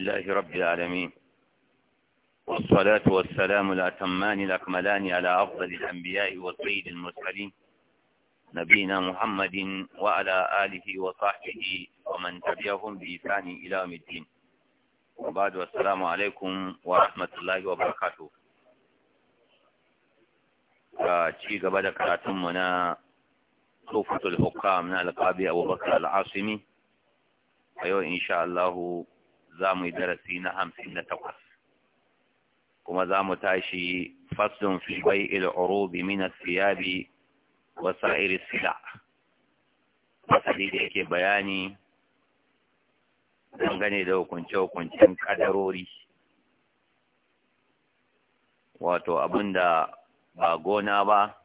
لله رب العالمين والصلاة والسلام الأتمان الأكملان على أفضل الأنبياء والسيد المرسلين نبينا محمد وعلى آله وصحبه ومن تبعهم بإحسان إلى يوم الدين وبعد والسلام عليكم ورحمة الله وبركاته ci gaba da karatunmu na Tufatul Hukam na Alƙabi Abubakar Al'asimi a yau insha Allahu za mu yi darasi na hamsin da takwas kuma za mu tashi faslun fi bai il'urubi min siyabi wasa iris sila fasali da yake bayani dangane da hukunce-hukuncen kadarori wato da ba gona ba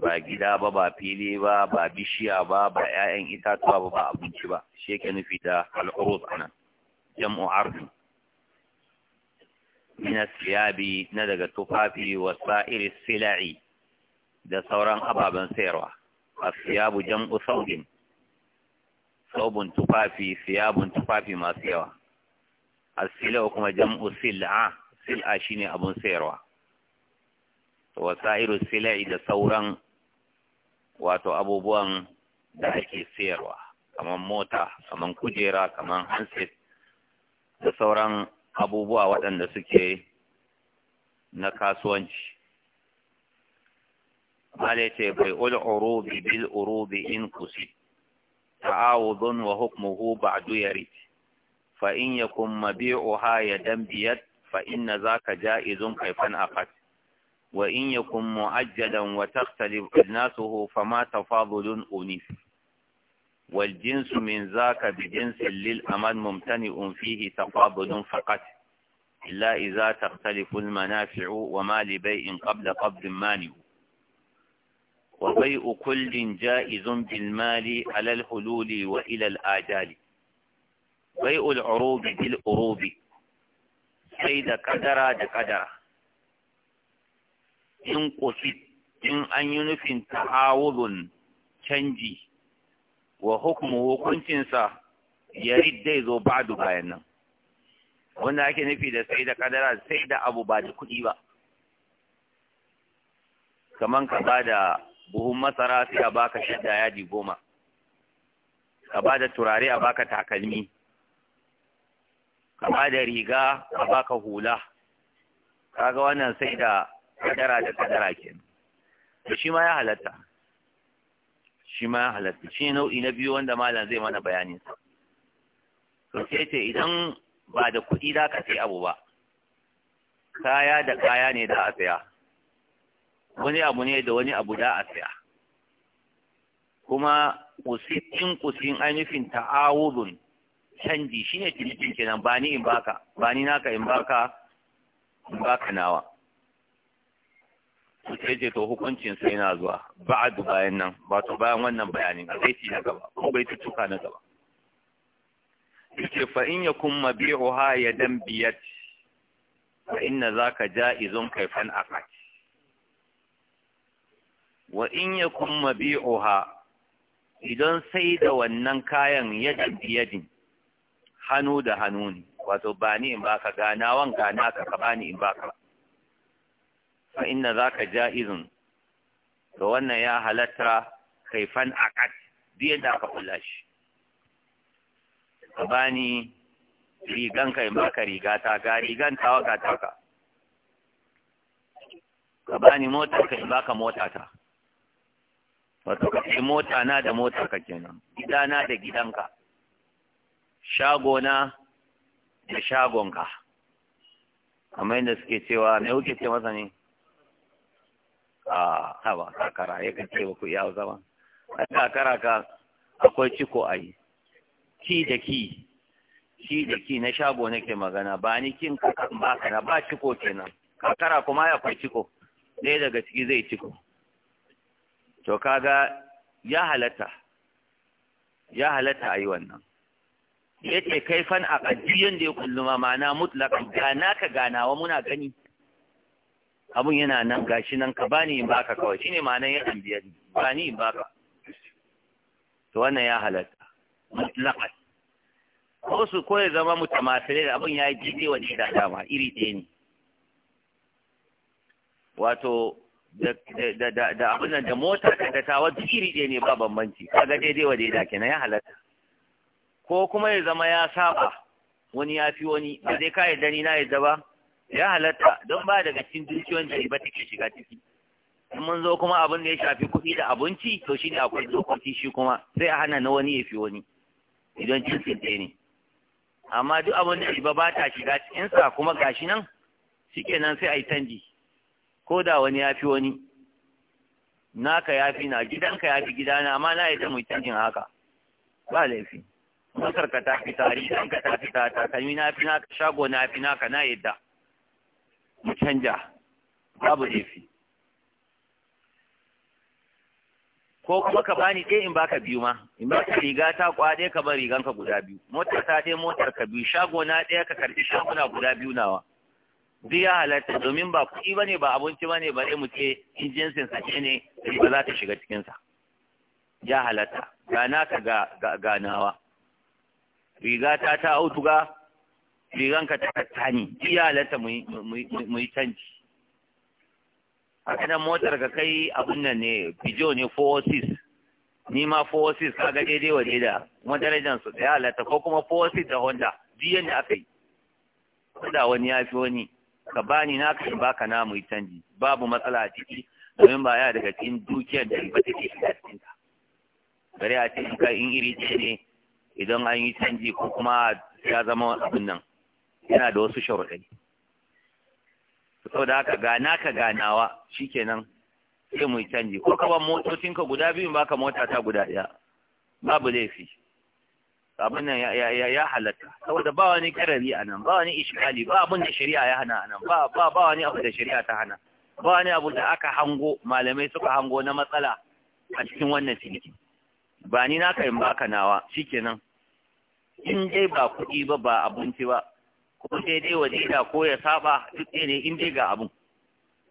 ba gida ba ba fili ba ba bishiya ba ba 'ya'yan itatuwa ba ba abinci ba shi yake nufi da al'uruz anan jam'u ardu min asyabi na daga tufafi wa sa'iri sila'i da sauran ababen sayarwa asyabu jam'u saubin saubun tufafi siyabun tufafi masu yawa asila'u kuma jam'u sil'a sil'a shine abun sayarwa wa sa'iru sila'i da sauran wato abubuwan da ake sayarwa kamar mota kamar kujera kamar handset da sauran abubuwa waɗanda suke na kasuwanci Mala ce bai ul urubi bil urubi in kusi ta'awudun wa hukmuhu ba'du yarid fa in yakun mabi'uha dan biyad fa inna zaka ja'izun kaifan aqat وإن يكن معجدا وتختلف أجناسه فما تفاضل أنيف والجنس من ذاك بجنس للأمان ممتنئ فيه تفاضل فقط إلا إذا تختلف المنافع وما لبيء قبل قبض مانع وبيء كل جائز بالمال على الحلول وإلى الآجال بيء العروب بالعروب سيد قدر قدرة in ƙusi in an yi nufin ta'awuzun canji wa hukumu hukuncinsa ya ridda zo da bayan nan wanda ake nufi da sai da kadara sai da abu ba da kuɗi ba kaman ka ba da buhun masara sai a baka shidda yadi goma ka ba da turare a baka takalmi ka ba da riga a baka hula kaga wannan sai da kadara da kadara ke to shi ma ya halatta shi ma ya halatta shi nau'i na biyu wanda malam zai mana bayanin sa to sai ce idan ba da kuɗi za ka sai abu ba kaya da kaya ne da a saya wani abu ne da wani abu da a saya kuma kusin kusin ainihin ta'awudun canji shine cinikin kenan ba ni in baka ba ni naka in baka in baka nawa su sai ce to hukuncin sai na zuwa ba'adu bayan nan ba to bayan wannan bayanin a zai ci na gaba ko bai tuka na gaba yace fa in yakun mabi'uha yadan biyat fa inna zaka ja'izun kaifan aqat wa in biyo mabi'uha idan sai da wannan kayan yadan biyadin hannu da hannu ne wato ba ni in baka ganawan gana ka ka ni in baka fa inna zaka ja'izun to wannan ya halatta kaifan aqat biyan da aka kula shi ka bani rigan kai in baka riga ta ga rigan ta waka ta ka ka bani mota kai in baka mota ta wato ka ce mota na da mota ka kenan na da gidanka shago na da shagonka kamar yadda suke cewa me kuke ce masa ne haba kakara ya kan ce ku ya zama a kakara ka akwai ciko a yi ki da ki ki da ki na shago nake magana ba ni kin ba kana ba ciko kenan kakara kuma ya kwai ciko ɗaya daga ciki zai ciko to kaga ya halatta ya halatta a yi wannan ya ce kaifan a ƙaddiyan da ya kulluma mana mutlaka gana ka ganawa muna gani abun yana nan gashi nan ka bani in baka kawai shine ma'anar ya tambiya bani in baka to wannan ya halatta mutlaqan ko su ko ya zama mutamasire da abun ya yi daidai wa da dama iri ɗaya ne wato da abun nan da mota ga ta, duk iri ɗaya ne ba bambanci kaga daidai wa daidai kenan ya halatta ko kuma ya zama ya saba wani ya fi wani ba zai kai dani ni na yadda ba ya halatta don ba daga cikin dukiyoyin da riba take shiga ciki in mun zo kuma abin da ya shafi kuɗi da abinci to shine akwai dokoki shi kuma sai a hana na wani ya fi wani idan cikin ɗaya ne amma duk abin da riba ba ta shiga cikinsa kuma gashi nan shikenan sai a yi canji ko da wani ya fi wani naka ya fi na gidanka ya fi gidana amma na yi ta mu canjin haka ba laifi masarka ta fi tari ka ta fi ta takalmi na fi naka shago na fi naka na yadda mu canja babu efi ko kuma ka bani ɗaya in baka biyu ma in baka riga ta kwade ka bar ka guda biyu motar ta ɗaya motar ka biyu shago na ɗaya ka karɓi shaguna guda biyu nawa duk ya halatta domin ba kuɗi ba ne ba abinci ba ne ba ɗaya mu ce in jinsin sa ne ba za ta shiga cikinsa ya halatta gana ka ga ganawa riga ta ta autuga ranka ta kattani iyalata mu yi canji haka nan motar ka kai abin nan ne pijo ne 46 ni ma oh ka kaga daidai waje da kuma darajar su da halata ko kuma 46 da honda biyan da aka yi da wani ya fi wani ka bani na ka baka na mu yi canji babu matsala a ciki domin ba ya daga cikin dukiyar da riba take shiga cikin ta bare a cikin ka in iri ce ne idan an yi canji ko kuma ya zama abin nan yana da wasu sharuɗai saboda haka gana ka ganawa shikenan sai mu canji ko ka ban ka guda biyu baka mota ta guda ɗaya babu laifi abin nan ya halatta saboda ba wani karari a nan ba wani ishkali ba abin da shari'a ya hana a nan ba ba wani abu da shari'a ta hana ba wani abu da aka hango malamai suka hango na matsala a cikin wannan ciniki ba ni na karin baka nawa shikenan in dai ba kuɗi ba ba abinci ba ko daidai wa daida ko ya saba duk ɗaya ne in dai ga abun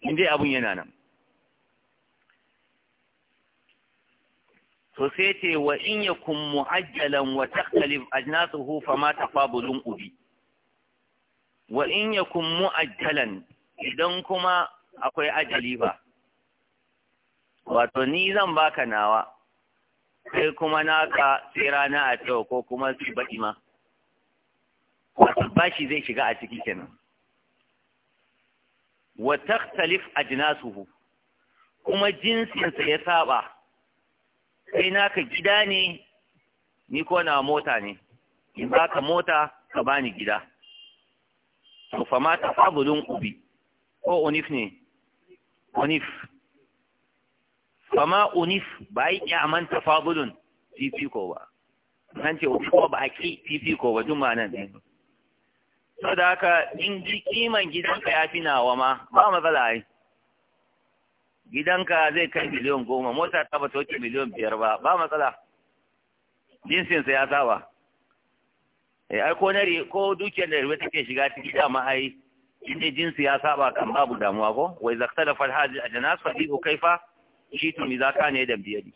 in dai abun yana nan to sai ce wa in kun mu'ajjalan wa takhtalif ajnasuhu fama tafabulun ubi wa in kun mu'ajjalan idan kuma akwai ajali ba wato ni zan baka nawa sai kuma naka tsira na a ko kuma su baɗi ma bashi zai shiga a ciki kenan wa takhtalif ajnasuhu kuma jinsinsa ya saba kai naka gida ne ni ko na mota ne in baka mota ka bani gida to fa mata tafadulun ubi ko unif ne unif fa unif ba yi kyaman tafadulun fifiko ba nan ce ko ba a ki fifiko ba juma'a nan ne sau da haka in ji kiman gidanka ya fi nawa ma ba matsala ai gidanka zai kai miliyon goma mota ta ba toke miliyon biyar ba ba matsala jinsinsa ya saba eh, ai ko na ko dukiyar da riba take shiga ciki da ma ai inda jinsi ya saba kan babu damuwa ko wai da fal a ajnas fa bi kaifa shi to mi zaka ne da biyadi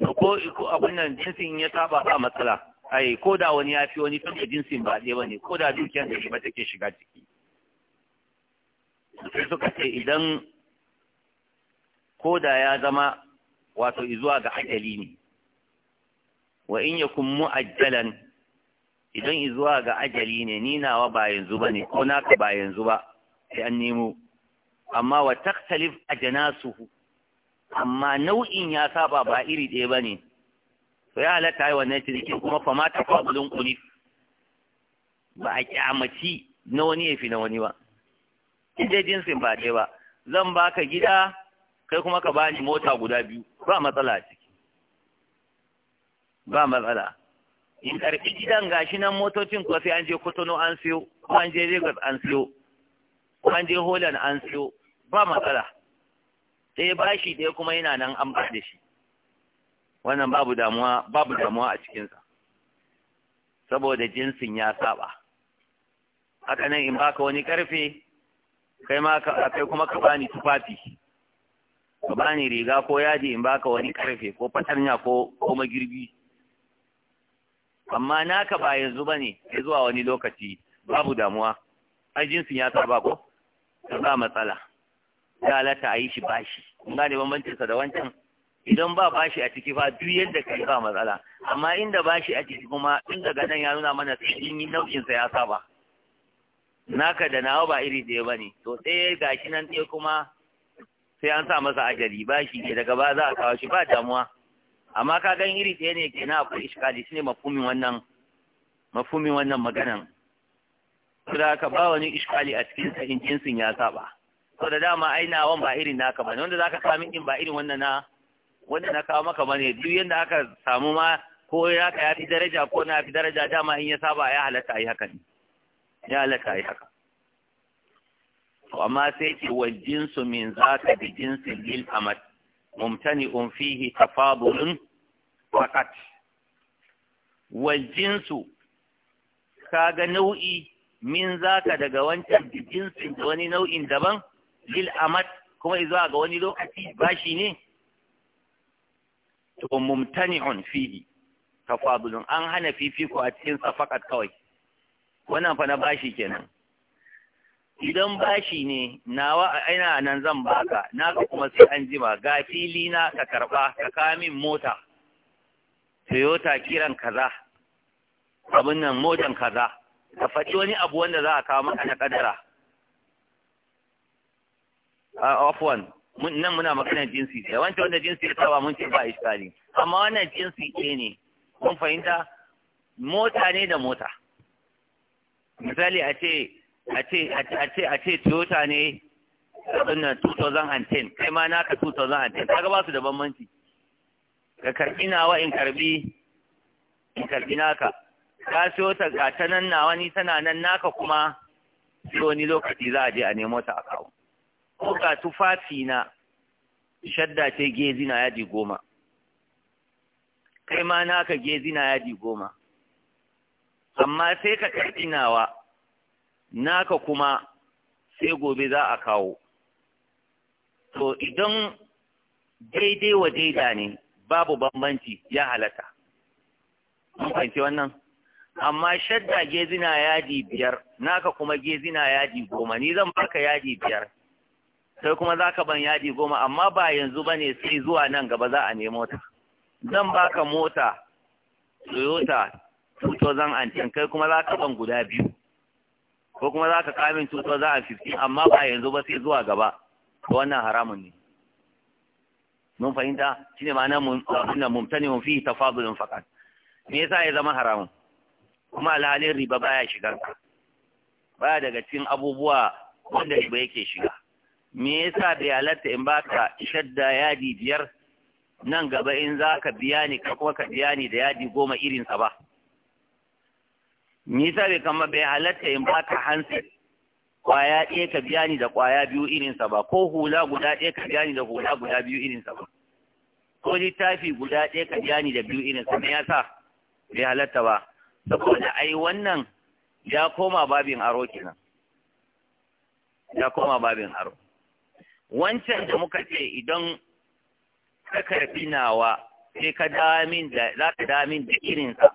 ko ko abun nan jinsin ya saba ba matsala ai ko da wani ya fi wani tun da jinsin ba ɗaya ba ne ko da dukiyar da ba take shiga ciki sai suka ce idan ko da ya zama wato izuwa ga ajali ne wa in kun mu'ajjalan idan izuwa ga ajali ne ni nawa ba yanzu ba ne ko naka ba yanzu ba sai an nemo amma wa taktalif janasu amma nau'in ya saba ba iri ɗaya ba ne to ya halatta yi wannan shirki kuma fa ma ta kwabulun kulif ba a kyamaci na wani ya fi na wani ba in dai jinsin ba ɗaya ba zan baka gida kai kuma ka bani mota guda biyu ba matsala ciki ba matsala in karfi gidan gashi nan motocin kuwa sai an je kotono an siyo ko an je lagos an siyo ko an je holland an siyo ba matsala ɗaya bashi ɗaya kuma yana nan an ba da shi wannan babu damuwa babu damuwa a cikinsa saboda jinsin ya saba haka nan in baka wani karfe kai ma kai kuma ka bani tufafi ka bani riga ko yaji in baka wani karfe ko fatanya ko ko magirbi amma naka ba yanzu bane sai zuwa wani lokaci babu damuwa ai jinsin ya saba ko ba matsala ya lata a shi bashi kun gane bambancinsa da wancan idan ba bashi a ciki fa duk yadda ka yi ba matsala amma inda bashi a ciki kuma in daga nan ya nuna mana sai in yi nau'in sa ya saba naka da nawa ba iri ɗaya bane to sai gashi nan ɗaya kuma sai an sa masa ajali bashi ke daga ba za a kawo shi ba damuwa amma ka gan iri da ne na akwai iskali shine mafhumin wannan mafhumin wannan maganan saboda ka ba wani iskali a cikin sa in jinsin ya saba saboda dama ai nawa ba irin naka bane wanda zaka samu in ba irin wannan na wanda na kawo maka bane duk yanda aka samu ma ko ya ka yafi daraja ko na yafi daraja dama in ya saba ya halatta yi haka ne ya halatta yi haka to amma sai ce wa jinsu min zaka bi jinsi lil amat um fihi tafadulun faqat wa jinsu kaga nau'i min zaka daga wancan jinsin wani nau'in daban lil amat kuma izuwa ga wani lokaci bashi ne to mumtani'un fihi tafadulun an hana fifiko a cikin fakat kawai wannan fa na bashi kenan idan bashi ne nawa ina nan zan baka naka kuma sai an jima ga fili na ka karba ka kamin mota Toyota kiran kaza abin nan motan kaza ka faɗi wani abu wanda za a kawo maka na kadara a afwan nan muna magana jinsi da wancan wanda jinsi ya saba mun ce ba iskali amma wannan jinsi ɗaya ne kun fahimta mota ne da mota misali a ce a ce a ce a ce Toyota ne na 2010 kai ma naka 2010 kaga ba su da bambanci ka karbi nawa in karbi in karbi naka ka siyo ta ga ta nan nawa ni tana nan naka kuma so wani lokaci za a je a nemo ta a kawo ko tufafina tufafi na shadda ce gezina yadi goma kai ma naka gezina yadi goma amma sai ka karɓi nawa naka kuma sai gobe za a kawo to idan daidai wa daida ne babu bambanci ya halata wannan amma shadda gezina yadi biyar naka kuma gezina yadi goma ni zan baka yadi biyar sai kuma za ka ban yadi goma amma ba yanzu ba ne sai zuwa nan gaba za a nemo ta zan baka mota toyota 2010 kai kuma za ka ban guda biyu ko kuma za ka kamin 2015 amma ba yanzu ba sai zuwa gaba wannan haramun ne mun fahimta shine ma'ana ne mun fi tafadulun fakat me yasa ya zama haramun kuma alhalin riba baya shigar baya daga cikin abubuwa wanda riba yake shiga me yasa bai halatta in baka shadda yadi biyar nan gaba in za ka biya ni ka kuma ka biya ni da yadi goma irinsa ba me yasa bai kama bai halatta in baka hansa kwaya ɗaya ka biya ni da kwaya biyu irinsa ba ko hula guda ɗaya ka biya ni da hula guda biyu irinsa ba ko littafi guda ɗaya ka biya ni da biyu irinsa me yasa bai halatta ba saboda ai wannan ya koma babin aro kenan ya koma babin aro wancan da muka ce idan ka karfi nawa sai ka damin da za ka damin da irinsa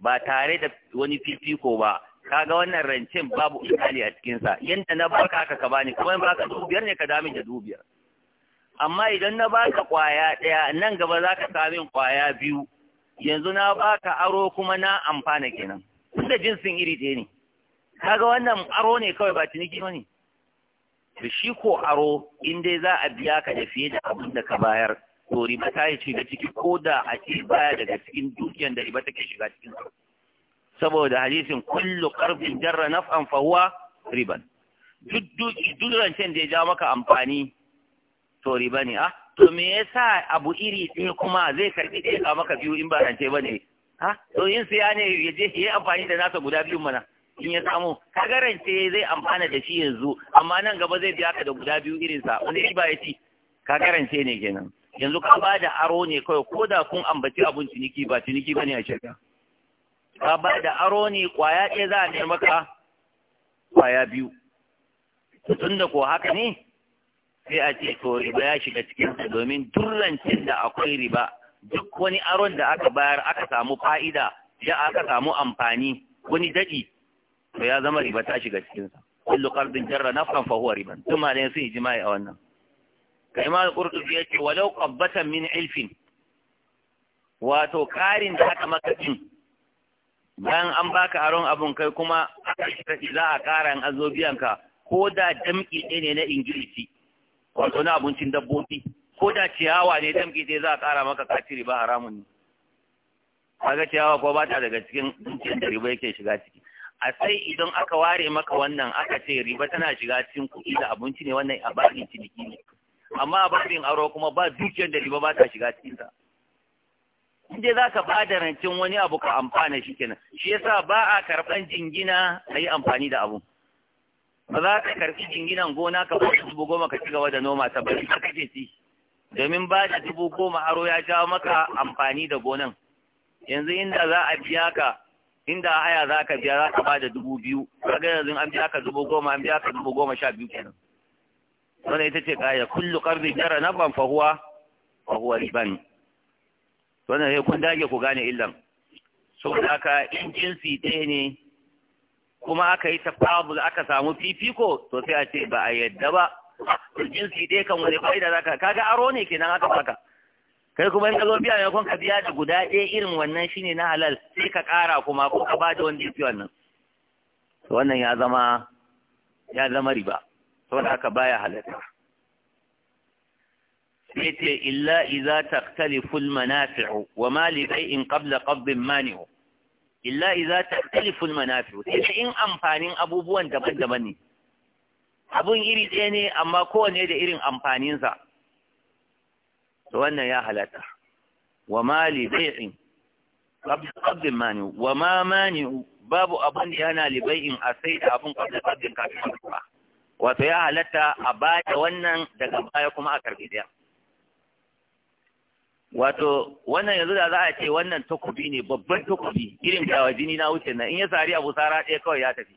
ba tare da wani fifiko ba kaga wannan rancen babu misali a cikinsa yadda na baka haka ka bani kuma in ka dubiyar ne ka damin da dubiyar amma idan na baka kwaya ɗaya nan gaba za ka samin kwaya biyu yanzu na baka aro kuma na amfana kenan tunda jinsin iri ɗaya ne kaga wannan aro ne kawai ba ciniki ba ne da shi ko aro in dai za a biya ka da fiye da abin da ka bayar to riba ta yi shiga ciki ko da a ce baya daga cikin dukiyan da riba take shiga cikin saboda hadisin kullu qarbin jarra naf'an fa huwa riban duk duk rancen da ya ja maka amfani to riba ne ah to me yasa abu iri ɗaya kuma zai karbi ɗaya maka biyu in ba rance bane ah to yin siya ne ya je amfani da nasa guda biyun mana in ya samu ka garance zai amfana da shi yanzu amma nan gaba zai biya ka da guda biyu irinsa wani riba ya ci ka garance ne kenan yanzu ka ba da aro ne kawai ko da kun ambaci abun ciniki ba ciniki bane a shirya ka ba da aro ne kwaya ɗaya za a nemi maka kwaya biyu tun da ko haka ne sai a ce to riba ya shiga cikinsa domin durrancin da akwai riba duk wani aron da aka bayar aka samu fa'ida da aka samu amfani wani daɗi to ya zama riba ta shiga cikin sa kullu qardin jarra nafan fa huwa riban ma ne sun ijma'i a wannan kai ma qurtubi yace walau qabbatan min ilfin wato karin da haka maka din bayan an baka aron abun kai kuma za a kara an azo biyan ka ko da damki ne na ingilisi wato na abincin dabbobi ko da ciyawa ne damki dai za a kara maka kaciri ba haramun ne kaga ciyawa ko ba ta daga cikin dukiyar da riba yake shiga ciki a sai idan aka ware maka wannan aka ce riba tana shiga cikin kuɗi da abinci ne wannan a babin ciniki ne amma a babin aro kuma ba dukiyar da riba ba ta shiga cikin ta in dai zaka ba da rancin wani abu ka amfana shi kenan shi yasa ba a karɓan jingina a yi amfani da abu ba za ka karɓi jinginan gona ka ba dubu goma ka ci gaba da noma ta ba ka kake ci domin ba da dubu goma aro ya jawo maka amfani da gonan yanzu inda za a biya ka inda haya za ka biya za ka ba da dubu biyu kaga yanzu an biya ka dubu goma an biya ka dubu goma sha biyu kenan wannan ita ce kaya kullu qardi jara nafan fa huwa fa huwa riban wannan sai kun dage ku gane illan saboda haka in jinsi ɗaya ne kuma aka yi tafabul aka samu fifiko to sai a ce ba a yadda ba jinsi ɗaya kan wani fa'ida zaka kaga aro ne kenan aka baka kai kuma in ka zo biya maimakon ka biya da guda ɗaya irin wannan shine na halal sai ka ƙara kuma ko ka ba da wanda yake wannan to wannan ya zama ya zama riba saboda haka baya halatta sai ce illa iza taqtalifu al-manafi'u wa ma li bai'in qabla qabdin mani'u illa iza taqtalifu al-manafi'u sai in amfanin abubuwan daban-daban ne abun iri ɗaya ne amma kowanne da irin amfaninsa to wannan ya halatta wa mali bai'in qabdin mani wa ma mani babu abin da yana bai'in a sai da abin qabdin qabdin kafin ba wato ya halatta a baya wannan daga baya kuma a karbi daya wato wannan yanzu da za a ce wannan takobi ne babban takobi irin dawa jini na wuce nan in ya sari abu sara ɗaya kawai ya tafi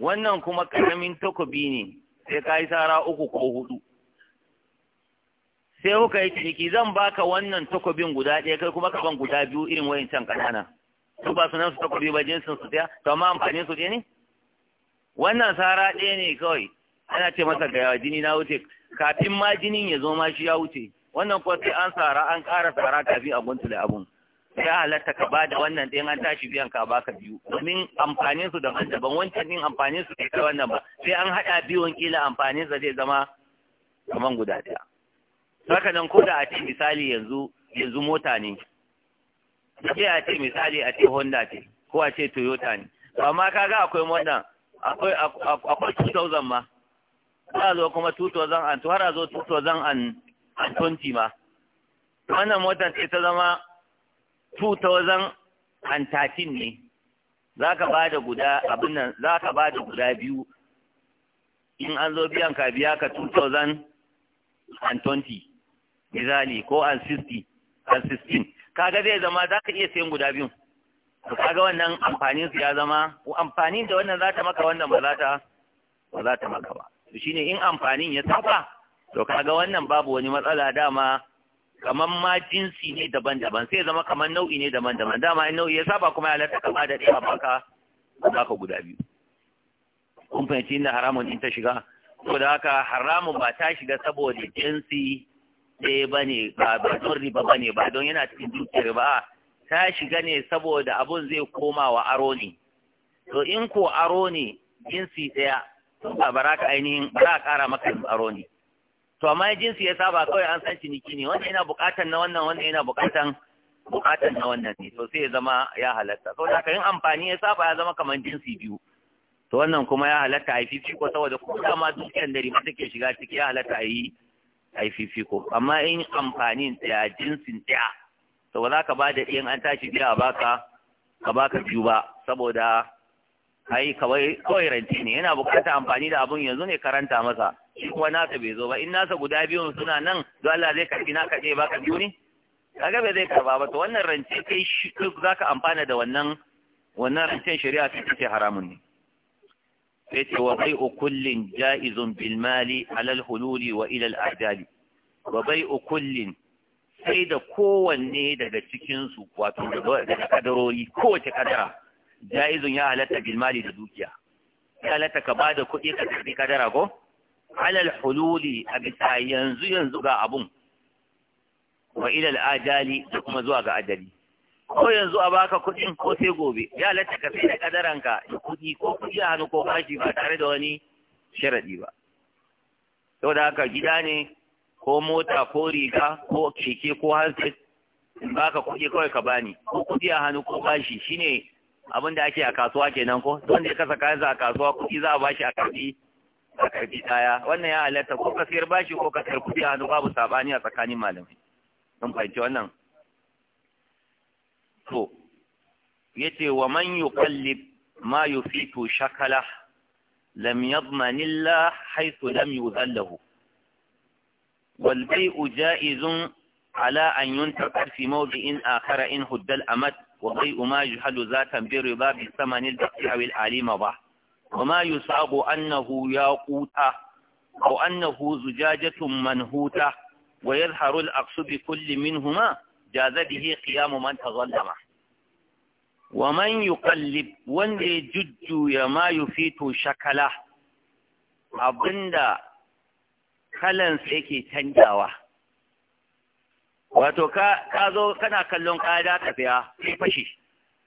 wannan kuma karamin takobi ne sai ka yi sara uku ko hudu sai kuka yi ciki zan baka wannan takobin guda ɗaya kai kuma ka ban guda biyu irin can ƙanana su ba sunan su takobi ba jinsin su ɗaya to amma amfanin su ɗaya ne wannan sara ɗaya ne kawai ana ce masa ga jini na wuce kafin ma jinin ya zo ma shi ya wuce wannan kuwa sai an sara an ƙara sara kafin a guntule abun ya halatta ka ba da wannan ɗayan an tashi biyan ka baka biyu domin amfanin su daban daban wancan ɗin amfanin su bai wannan ba sai an haɗa biyun kila amfanin sa zai zama kaman guda ɗaya saka nan ko da a ce misali yanzu yanzu mota ne ke a ce misali a ce Honda ce ko a ce Toyota ne amma kaga akwai wannan akwai akwai 2000 ma za zo kuma 2000 an to har a zo an 20 ma wannan motar ce ta zama 2013 ne za ka ba da guda abin nan za ka ba da guda biyu in an zo biyan ka biya ka 2020 misali ko an 60 an 16 kaga zai zama za ka iya sayan guda biyun kaga wannan amfanin su ya zama amfanin da wannan za ta maka wannan ba za ta ba maka ba to shine in amfanin ya saba to kaga wannan babu wani matsala dama kaman ma jinsi ne daban-daban sai zama kaman nau'i ne daban-daban dama in nau'i ya saba kuma ya halatta kama da ɗaya baka baka guda biyu kun fahimci inda haramun in ta shiga saboda haka haramun ba ta shiga saboda jinsi ɗaya ba ne ba don riba ba ne ba don yana cikin dukiyar ba ta shiga ne saboda abun zai koma wa aro ne to in ko aro ne jinsi ɗaya to ba ba ka ainihin ba za ƙara maka aro ne to amma jinsi ya saba kawai an san ciniki ne wanda yana buƙatan na wannan wanda yana buƙatan buƙatan na wannan ne to sai ya zama ya halatta to da yin amfani ya saba ya zama kamar jinsi biyu to wannan kuma ya halatta a yi fifiko saboda ko dama dukiyar da riba take shiga ciki ya halatta a yi Ai fifiko amma in amfanin ɗaya jinsin ɗaya to ba za ka ba da ɗiyan an tashi ɗaya a baka ka baka biyu ba saboda ai kawai kawai rance ne yana buƙatar amfani da abun yanzu ne karanta masa shi kuma nasa bai zo ba in nasa guda biyun suna nan don Allah zai karbi naka ɗaya baka biyu ne kaga bai zai karba ba to wannan rance kai za ka amfana da wannan wannan rancen shari'a ta ce haramun ne sai ce wa bai'u kullin ja'izun Bilmali mali alal hululi wa ilal ajali wa bai'u kullin sai da kowanne daga cikin su wato daga kadarori kowace kadara ja'izun ya halatta Bilmali da dukiya ya halatta ka da kuɗi ka tafi kadara ko alal hululi a bisa yanzu yanzu ga abun wa ilal ajali da kuma zuwa ga ajali ko yanzu a baka kuɗin ko sai gobe ya lati ka sai da kadaranka da kuɗi ko kuɗi a hannu ko bashi ba tare da wani sharaɗi ba sau da haka gida ne ko mota ko riga ko keke ko hanset in baka kuɗi kawai ka bani ko kuɗi a hannu ko bashi shine abin da ake a kasuwa kenan ko wanda ya kasa kayan a kasuwa kuɗi za a bashi a karbi a karbi daya wannan ya halatta ko ka sayar bashi ko ka sayar kuɗi a hannu babu sabani a tsakanin malamai mun fahimci wannan to yace wa man yuqallib ma yufitu shakala lam yadman illa haythu lam yuzallahu wal bai'u ja'izun ala an yuntaqal fi mawdi'in akhara in hudda al amad wa bai'u ma yuhalu zatan bi riba bi thaman al baqi aw al alima ba wa ma yusabu annahu yaquta aw annahu zujajatun manhuta ويظهر الأقص بكل منهما jaza bihi qiyamu man tazallama wa man yuqallib wanda ya jujjuya ma yufito shakala abinda kalansa yake wato ka ka zo kana kallon kada ka saya? sai fashi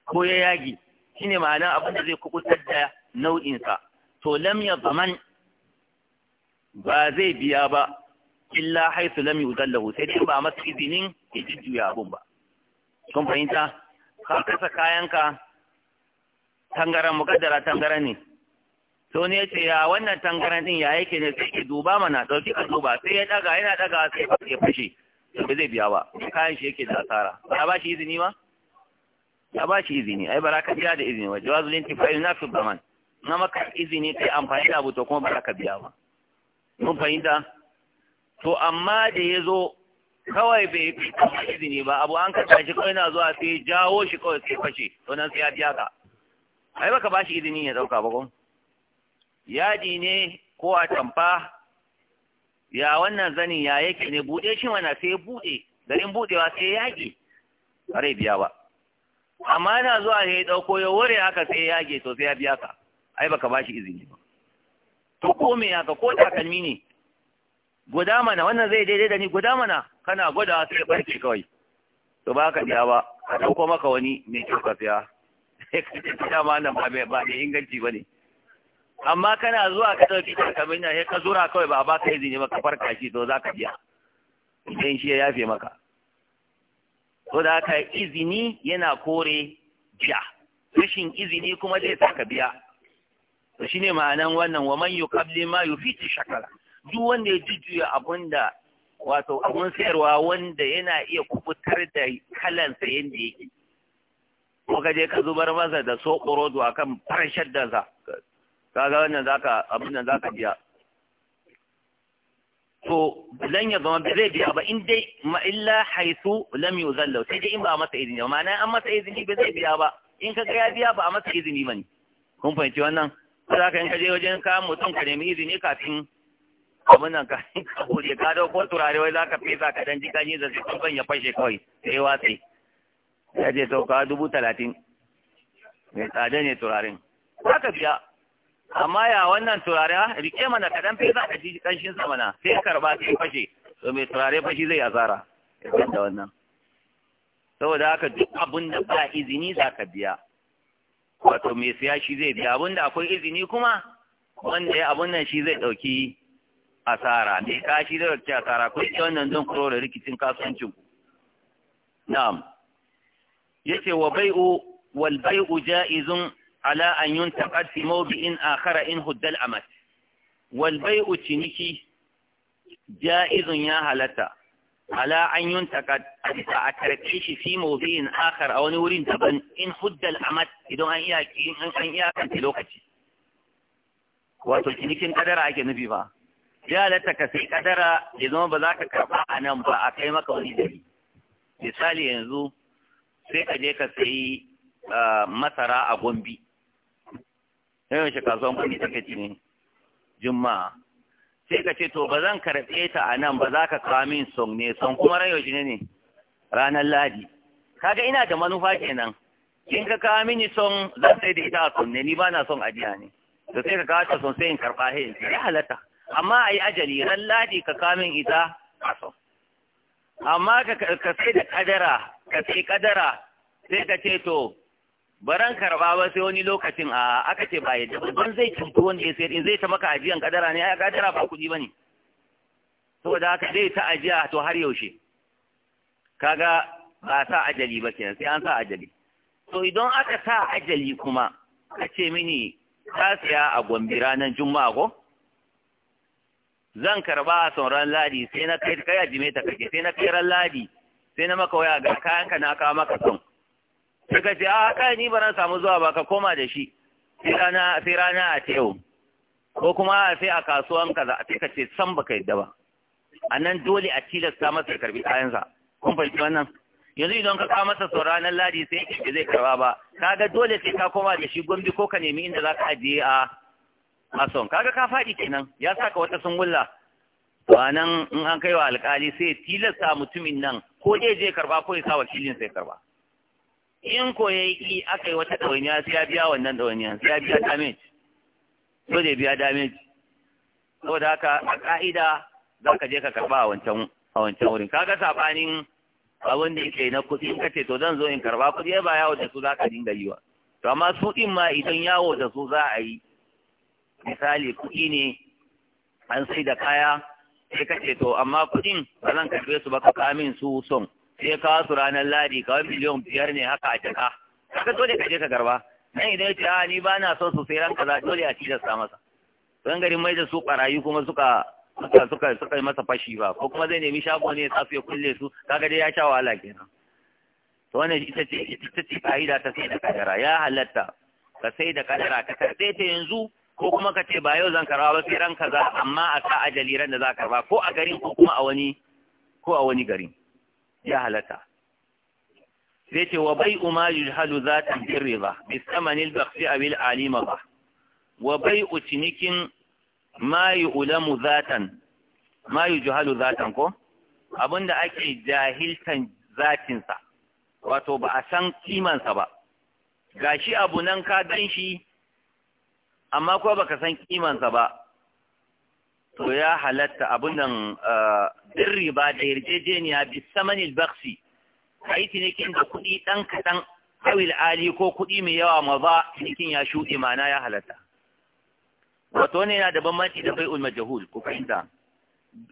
ko ya yagi shine ma'ana abin da zai kukutar da nau'insa to lam ya zaman ba zai biya ba illa haisu lam yudallahu sai dai ba masa izinin ya juya abun ba kun fahimta ka kasa kayanka tangaran mukaddara tangaran ne to ne ce ya wannan tangaran din ya yake ne sai ke duba mana dauki ka duba sai ya daga yana daga sai ya fashe to ba zai biya ba kayan shi yake da asara ba ba shi izini ma? ya ba shi izini ai baraka biya da izini wa jawazul na nafi zaman na maka izini kai amfani da abu to kuma baraka biya ba mun fahimta to amma da ya zo. kawai bai kama izini ba abu an kasa shi kawai na zuwa sai jawo shi kawai sai fashe to nan sai ya biya ka ai baka ba shi izini ya dauka ba Yadi yaji ne ko a tamfa ya wannan zanin ya yake ne bude shi mana sai bude garin budewa sai yage kare biya ba amma na zuwa ne ya dauko ya ware haka sai yage to sai ya biya ka ai baka ba shi izini ba to ko me haka ko takalmi ne guda mana wannan zai daidai da ni guda mana kana gwada sai barke kawai to ba ka biya ba a dauko maka wani mai kyau ka biya sai ma nan ba ba ne inganci ba ne amma kana zuwa ka tafi da kamar nan sai ka zura kawai ba ba ka izini maka farka shi to za ka biya idan shi ya yafe maka to da haka izini yana kore biya rashin izini kuma zai sa ka biya to shine ma'anan wannan wa man yuqabli ma yufiti shakala duk wanda ya jujjuya abun da wato abun sayarwa wanda yana iya kubutar da kalansa yadda yake ko ka je ka zubar masa da soƙoro zuwa kan farshar da ka ga wannan ka abin nan ka biya to lan ya zama zai biya ba in dai ma illa haisu lam yuzallu sai dai in ba masa izini ba ma'ana an masa izini ba zai biya ba in ka ya biya ba a masa izini ba ne kun fahimci wannan za ka in ka je wajen ka mutum ka nemi izini kafin abin nan ka bude ka dauko turare wai za ka fesa ka dan jika ni da sai kan ya fashe kawai sai watsi ya je to ka dubu talatin mai tsada ne turaren za ka biya amma ya wannan turare ha ah, rike mana ka dan fesa ka ji kanshin sa mana sai karba sai fashe to mai turare fashi zai asara da wannan saboda haka duk abin da ba izini za ka biya wato mai siya shi zai biya abin da akwai izini kuma wanda ya abun nan shi zai ɗauki asara ka shi da rikicin asara kun ce wannan zan kuro da rikicin kasuwancin ku na'am yace wa bai'u wal bai'u ja'izun ala an yuntaqad fi mawdi'in akhara in huddal amal wal bai'u ciniki ja'izun ya halatta ala an yuntaqad a karɓe shi fi mawdi'in akhar a wani wurin daban in huddal amal idan an iya an iya kan lokaci wato cinikin kadara ake nufi ba ya halatta ka sai kadara ya zama ba za ka karɓa a nan ba a kai maka wani dari misali yanzu sai ka je ka sayi masara a gombi yau shi kasuwan gombi take ci ne juma'a sai ka ce to ba zan karɓe ta a nan ba za ka kawo min son ne son kuma ran yaushe ne ne ranar ladi kaga ina da manufa kenan in ka kawo mini son zan sai da ita a son ne ni ba na son ajiya ne to sai ka kawo ta son sai in karɓa hin Ya halatta amma a yi ajali ran ladi ka kamin ita kaso amma ka sai da kadara ka sai kadara sai ka ce to baran karba ba sai wani lokacin a aka ce ba yadda ban zai cutu wanda ya sayar in zai ta maka ajiyan kadara ne ai kadara ba kuɗi bane saboda haka zai ta ajiya to har yaushe kaga ba sa ajali ba kenan sai an sa ajali to idan aka sa ajali kuma ka ce mini ka siya a gombe ranar juma'a ko zan karba a sauran ladi sai na kai kai ajime ta kake sai na kai ran ladi sai na maka waya ga kayan ka na ka maka son kika ka ce a ah, kai ni baran samu zuwa ba ka koma da shi sai rana sai rana a teyo oh. ko kuma sai a kasuwan kaza sai ka ce san baka yadda ba a nan dole a tilasta masa karbi kayansa kun fahimci wannan yanzu idan ka kawo masa sauran ranar ladi sai ya zai karba ba kaga dole sai ka koma da shi gombe ko ka nemi inda za ka ajiye a mason kaga ka faɗi kenan ya saka wata sungulla to anan in an kai wa alƙali sai tilasta mutumin nan ko dai zai karba ko ya sa wakilin sai karba in ko ya yi aka yi wata ɗawainiya sai ya biya wannan ɗawainiya sai ya biya damage ko zai biya damage saboda haka a ƙa'ida za ka je ka karba a wancan a wancan wurin kaga saɓanin abin da yake na kuɗi ka ce to zan zo in karba kuɗi ba yawo da su za ka dinga yi wa to amma su ɗin ma idan yawo da su za a yi misali kuɗi ne an sai da kaya sai ka ce to amma kuɗin ba zan karɓe su ba ka kamin su son sai ka su ranar ladi kawai miliyan biyar ne haka a jaka haka dole ka je ka garba nan idan ya ce a ah, ni ba na so su sai ran kaza dole a sa masa don garin mai da su ɓarayi kuma suka suka suka suka yi masa fashi ba ko kuma zai nemi shago ne ya ya kulle su kaga dai ya sha wahala kenan to wannan ita ce ita ce ka'ida ta sai da kadara ya halatta ka sai da kadara ka karɓe ta yanzu ko kuma ka ce ba yau zan karba ba sai ran kaza amma a sa ajali ran da za karba ko a garin ko kuma a wani ko a wani garin ya halatta sai ce wa bai umma yujhalu zati birriba bi samanil bakhsi awil alima ba wa bai cinikin ma yu'lamu zatan ma yujhalu zatan ko abinda ake jahiltan sa wato ba a san kimansa ba gashi abu nan ka ganshi. shi amma ko baka san kimansa ba to ya halatta abun nan eh, din riba da yarjejeniya bi samanil baksi kai cinikin da kuɗi ɗan kaɗan awil ali ko kuɗi mai yawa ma ba, cinikin ya shuɗe mana ya halatta wato ne yana da bambanci da bai ulma jahul ku fahimta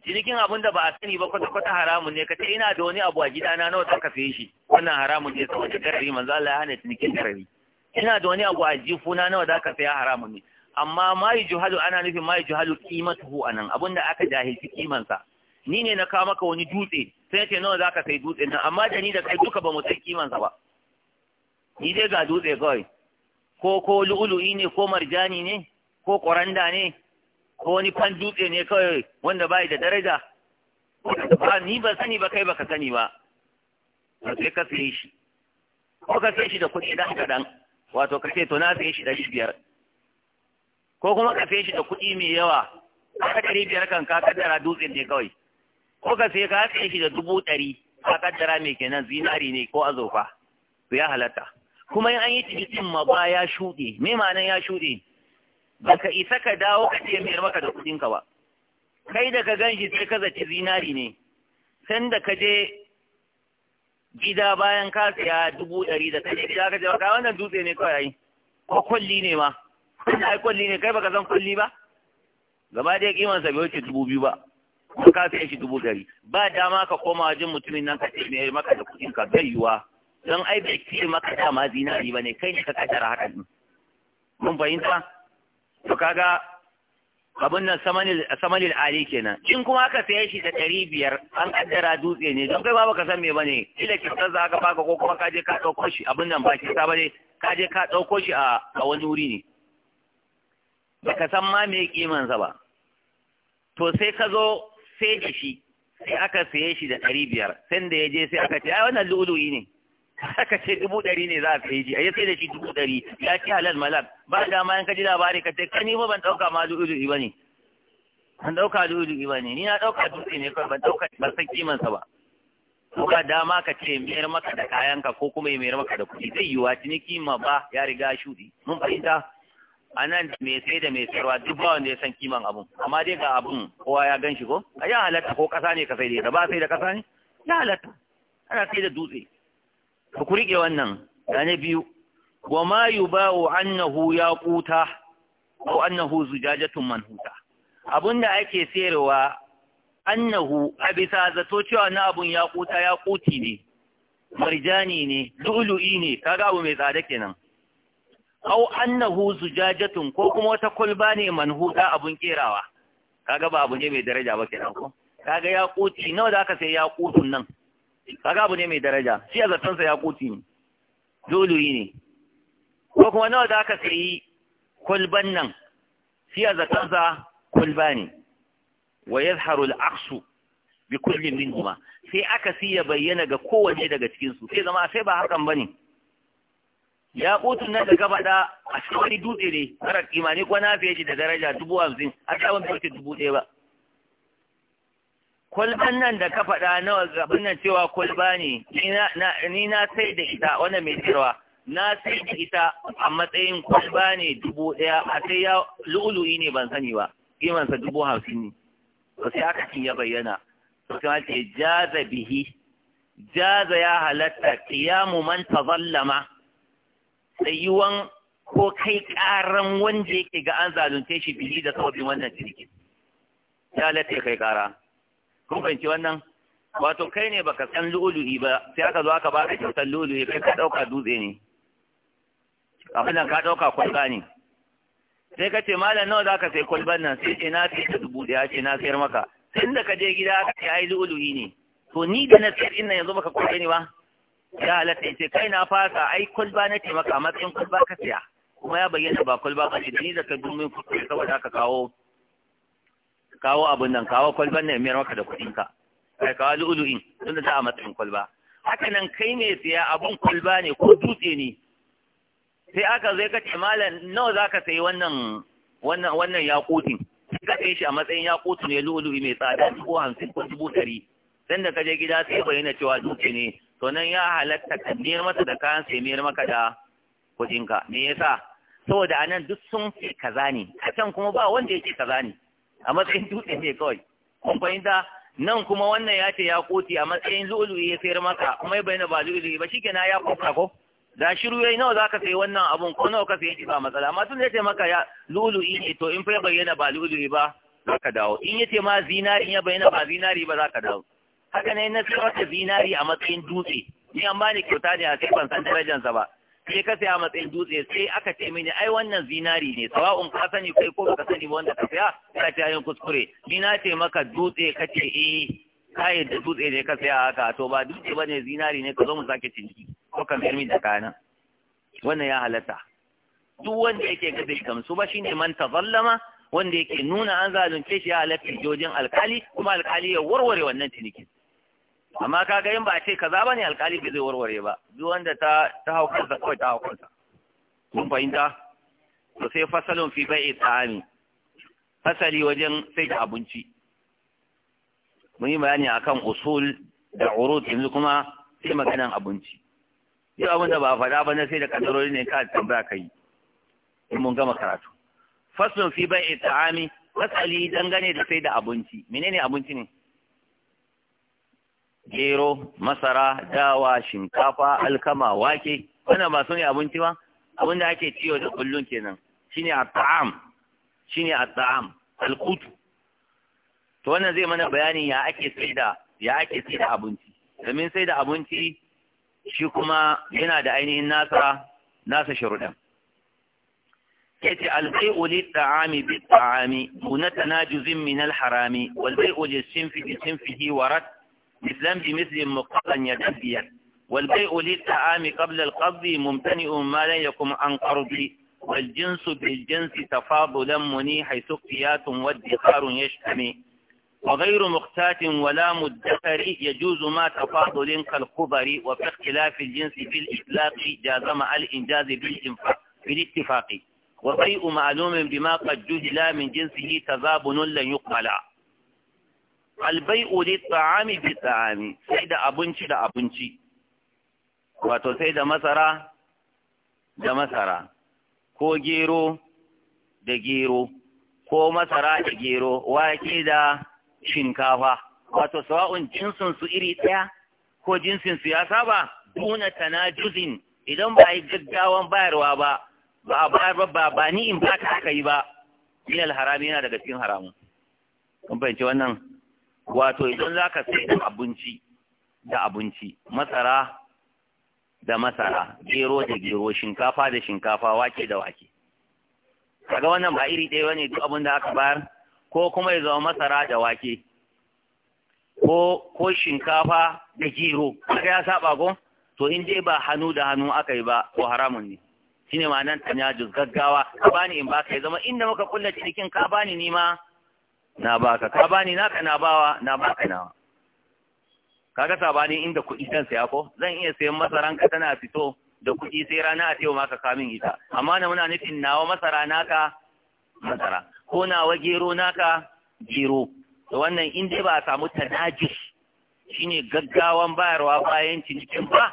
cinikin abun da ba a sani ba kwata-kwata haramun ne ka ce ina da wani abu a gidana nawa ta ka shi wannan haramun ne saboda garri manzo Allah ya hana cinikin garari ina da wani abu a jifuna nawa za ka saya haramu ne amma mai juhalu ana nufin mai juhalu kimatu hu anan abinda aka jahilci kimansa ni ne na kawo maka wani dutse sai ce nawa za ka sai dutse nan amma da ni da kai duka ba mu sai kimansa ba ni dai ga dutse kawai ko ko lu'ulu'i ne ko marjani ne ko ƙwaranda ne ko wani fan dutse ne kawai wanda bai da daraja ba ni ba sani ba kai baka sani ba sai ka sai shi ko ka sai shi da kuɗi dan kaɗan wato ka ce to na saye shi ɗari biyar ko kuma ka saye shi da kuɗi mai yawa Ka ɗari biyar kan ka kaddara dutsen ne kawai ko ka saye ka saye shi da dubu ɗari ka kaddara mai kenan zinari ne ko azurfa to ya halatta kuma in an yi tikitin ma ba ya shuɗe me ma'anan ya shuɗe ba ka isa ka dawo ka ce mai maka da kuɗinka ba kai da ka ganshi sai ka zaci zinari ne sanda ka je gida bayan ka siya dubu ɗari da ta gida ka jawa kawai wannan dutse ne kawai ko kulli ne ma wanda ai kulli ne kai baka san kulli ba gaba da kiman sa bai wuce dubu biyu ba ko ka siya shi dubu ɗari ba dama ka koma wajen mutumin nan ka ce me maka da kuɗin ka bai yiwa don ai bai ce maka dama zinari ba ne kai ne ka kaddara haka din mun fahimta to kaga abin nan saman ali kenan in kuma aka saye shi da ɗari biyar an kaddara dutse ne don kai ba baka san me bane kila san za ka baka ko kuma ka je ka ɗauko shi abin nan ba kyauta bane ka je ka ɗauko shi a wani wuri ne baka san ma me kimansa ba to sai ka zo sai da shi sai aka saye shi da ɗari biyar sai da ya je sai aka ce ai wannan lu'ulu'i ne aka ce dubu ɗari ne za a kai ji a yi sai da shi dubu ɗari ya ci halal malak ba dama yanka ji labari ka ce ka ni ba ban ɗauka ma lu'ulu'i ba ne ban ɗauka lu'ulu'i ba ne ni na ɗauka dutse ne kawai ban ɗauka ban san kimansa ba ko ka dama ka ce mayar maka da kayanka ko kuma mayar maka da kuɗi zai yiwa ciniki ma ba ya riga shuɗi mun fahimta a nan mai sai da mai sarwa duk ba wanda ya san kiman abun amma dai ga abun kowa ya gan shi ko a yi halatta ko ƙasa ne ka sai da ba sai da ƙasa ne ya halatta ana sai da dutse ku riƙe wannan da biyu wa ma wa annahu ya ƙuta? ko annahu zujajatun manhuta abunda ake sayarwa annahu a bisa zato cewa na abun ya ƙuti ne marjani ne lu'lu'i ne kaga abu mai tsada kenan Au annahu zujajatun ko kuma wata kulba ne manhuta abun kerawa kaga ba abu ne mai daraja ba kenan ko kaga ƙuti nawa da aka sai ƙutun nan kaga abu ne mai daraja shi a zatonsa ya kuti ne doluyi ne ko kuma nawa za ka sayi kwalban nan shi a zatonsa kwalba ne wa yazharu al-aqsu bi kullin minhuma sai aka si ya bayyana ga kowanne daga cikin su sai zama sai ba hakan bane ya kutun nan da gaba da a cikin wani dutse ne karar imani ko na fiye shi da daraja dubu hamsin a tsawon dutse dubu ɗaya ba kwalban nan da ka faɗa na gaban nan cewa kwalba ne ni na sai da ita wannan mai cewa na sai da ita a matsayin kwalba ne dubu ɗaya a sai ya lu'ulu'i ne ban sani ba kimansa dubu hamsin ne to sai aka cin ya bayyana to sai ce jaza bihi jaza ya halatta qiyamu man tazallama Sayuwan ko kai ƙaran wanda yake ga an zalunce shi bihi da sababin wannan ciki ya halatta kai ƙara kun fahimci wannan wato kai ne baka san lu'ulu'i ba sai aka zo aka baka kyautar lu'ulu'i kai ka dauka dutse ne abin nan ka dauka kwalba ne sai ka ce malam nawa za ka sai kwalban nan sai ce na sai ta dubu daya ce na sayar maka sai inda ka je gida aka ce ai lu'ulu'i ne to ni da na sayar ina yanzu baka kwalba ni ba ya halatta ce kai na fasa ai kwalba na ce maka matsayin kwalba ka siya kuma ya bayyana ba kwalba ba ce. da ni da ka dumin kwalba saboda aka kawo kawo abin nan kawo kwalban nan miyar maka da kuɗin ka kai kawo lu'lu'in tun da ta a matsayin kwalba haka nan kai mai siya abun kwalba ne ko dutse ne sai aka zai ka ce malam nawa za ka sayi wannan wannan wannan yakutin ka sai shi a matsayin yakutu ne lu'lu'i mai tsada ko hamsin ko dubu dan da ka je gida sai bayyana cewa dutse ne to nan ya halatta ka miyar masa da kayan sai miyar maka da ka me yasa saboda anan duk sun fi kaza ne a can kuma ba wanda yake kaza ne a matsayin dutse ne kawai kun fahimta nan kuma wannan ya ce ya koti a matsayin lu'ulu'i ya sayar maka kuma ya bayyana ba lu'ulu'i ba na ya kuka ko da shiru yayi nawa zaka sayi wannan abun ko nawa ka sayi shi ba matsala amma tun ya ce maka ya lu'ulu'i ne to in fa ya bayyana ba lu'ulu'i ba zaka dawo in yace ma zinari in ya bayyana ba zinari ba zaka dawo haka ne na sayar maka zinari a matsayin dutse ni amma ne kyauta ne a sai ban san darajansa ba sai ka saya matsayin dutse sai aka ce mini ai wannan zinari ne sawa'un ka sani kai ko baka sani wanda ka saya ka ce ayin kuskure ni na ce maka dutse ka ce eh ka yadda dutse ne ka saya haka to ba dutse bane zinari ne ka zo mu sake ciniki ko kan firmi da kana wannan ya halatta duk wanda yake ga bai gamsu ba shine man tazallama wanda yake nuna an zalunce shi ya halatta jojin alkali kuma alkali ya warware wannan cinikin amma kaga in ba a ce kaza bane alkali bai zai warware ba duk wanda ta ta kawai ta hau kun fahimta to sai fasalun fi bai'i ta'ami fasali wajen sai da abinci mun yi bayani akan usul da urud yanzu kuma sai maganan abinci yau abinda ba faɗa ba na sai da kadarori ne ka tambaya kai in mun gama karatu fasalun fi bai'i ta'ami fasali dangane da sai da abinci menene abinci ne gero masara dawa shinkafa alkama wake wanda ba su ne abinci ba abin da ake ciyo da kullum kenan shine at'am shine at'am alqut to wannan zai mana bayanin ya ake sai da ya ake sai da abinci domin sai da abinci shi kuma yana da ainihin nasa nasa sharuɗan yace albai'u lit-ta'ami bit-ta'ami hunatana juz'in min al-harami wal-bai'u lis مثلا بمثل مقرن يدبيا والبيع للتعام قبل القبض ممتنئ ما لا يقم عن قرض والجنس بالجنس تفاضلا مني حيث اقتيات وادخار يشتمي وغير مختات ولا مدخر يجوز ما تفاضل كالخبر وفي اختلاف الجنس في الإطلاق جاز مع الإنجاز بالاتفاق وبيء معلوم بما قد جهلا من جنسه تذابن لن يقبل albai'u li ta'ami bi ta'ami sai da abinci da abinci wato sai da masara da masara ko gero da gero ko masara da gero wake da shinkafa wato sawa'un jinsin su iri ɗaya ko jinsin su ya saba duna tanajuzin idan ba yi gaggawan bayarwa ba ba a ba ba ba ni in ba ka aka yi ba ilal harami yana daga cikin haramun kun fahimci wannan wato idan za ka sai da abinci da abinci masara da masara gero da gero shinkafa da shinkafa wake da wake kaga wannan ba iri ɗaya ne duk abin da aka bayar ko kuma ya zama masara da wake ko ko shinkafa da gero kaga ya saba ko to in dai ba hannu da hannu aka yi ba ko haramun ne shine nan tanyajus gaggawa ka bani in baka ya zama inda muka kulla cinikin ka bani nima ma na baka ka bani naka na bawa na baka Ka kaga sabanin inda kuɗi zan saya ko zan iya sayan masaran ka tana fito da kuɗi sai rana a cewa maka kamin ita amma na muna nufin nawa masara naka masara ko nawa gero naka gero da wannan in dai ba a samu tanajis shine gaggawan bayarwa bayan cinikin ba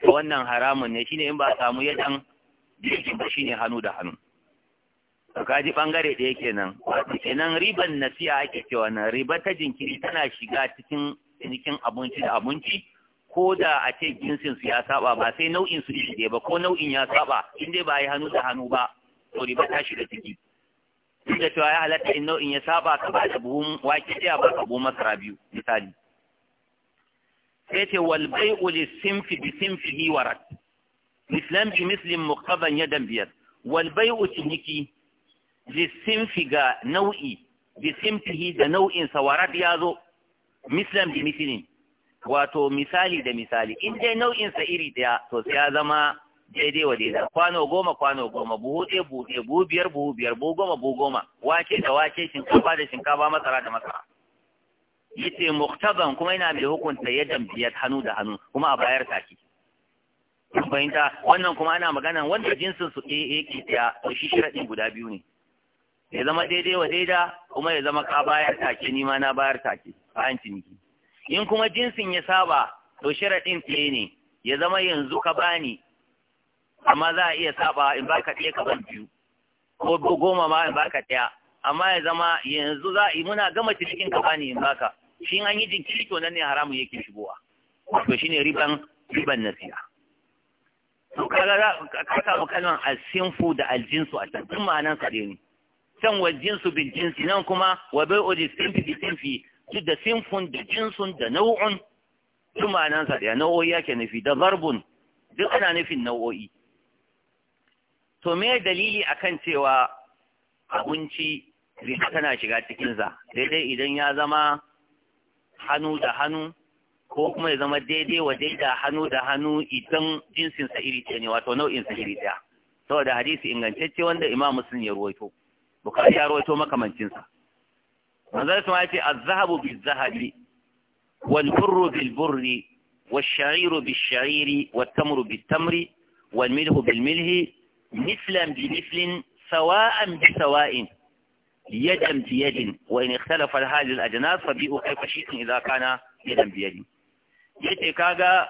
to wannan haramun ne shine in ba a samu yadan jirgin ba shine hannu da hannu kaji bangare ɗaya kenan wato kenan riban nasiya ake cewa nan riba ta jinkiri tana shiga cikin cinikin abinci da abinci ko da a ce jinsin su ya saba ba sai nau'in su shige ba ko nau'in ya saba in dai ba yi hannu da hannu ba to riba ta shiga ciki duk da cewa ya halatta in nau'in ya saba ka ba da buhun wake ɗaya ba ka buhun masara biyu misali sai ce wal bai'u li simfi bi simfihi warat mislan bi mislin muqtaban yadan biyar wal bai'u ciniki lissinfi ga nau'i bisimfihi da nau'in sawarat ya zo mislan bi mislin wato misali da misali in dai nau'in sa iri daya to sai ya zama daidai wa daidai kwano goma kwano goma buhu ɗaya buhu buhu biyar buhu biyar buhu goma buhu goma wake da wake shinkafa da shinkafa masara da masara yace muktaban kuma yana mai hukunta yadda biyar hannu da hannu kuma a bayar taki fahimta wannan kuma ana magana wanda jinsin su yake daya to shi sharaɗin guda biyu ne ya zama daidai wa daida kuma ya zama ka bayar take ni ma na bayar take bayan ciniki in kuma jinsin ya saba to sharadin tsaye ne ya zama yanzu ka bani amma za a iya saba in ka ɗaya ka ban biyu ko goma ma in ka ɗaya amma ya zama yanzu za a yi muna gama cikin ka bani in baka shi an yi jinkiri to nan ne haramun yake shigowa to shine riban riban nasiha to kaga ka samu kalman asinfu da al-jinsu a can duk ma'anan sa ne can wa jinsu bin jinsi nan kuma wa bai'u li sinfi bi sinfi su da sinfun da jinsun da nau'un duk ma'anansa da nau'o'i yake nufi da zarbun duk ana nufin nau'o'i to me dalili akan cewa abinci bi tana shiga cikinsa daidai idan ya zama hannu da hannu ko kuma ya zama daidai wa daida hannu da hannu idan jinsinsa iri ce ne wato nau'insa iri ɗaya saboda hadisi ingantacce wanda imam muslim ya ruwaito bukari ya rawaito makamancinsa manzon sun ce az-zahabu biz-zahabi wal-burru bil-burri wash-shariru bish-shariri wat-tamru bit-tamri wal-milhu bil-milhi mithlan bi mithlin sawa'an bi sawa'in يدا بيد وإن اختلف هذه الأجناس فبيئوا كيف شئتم إذا كان yace kaga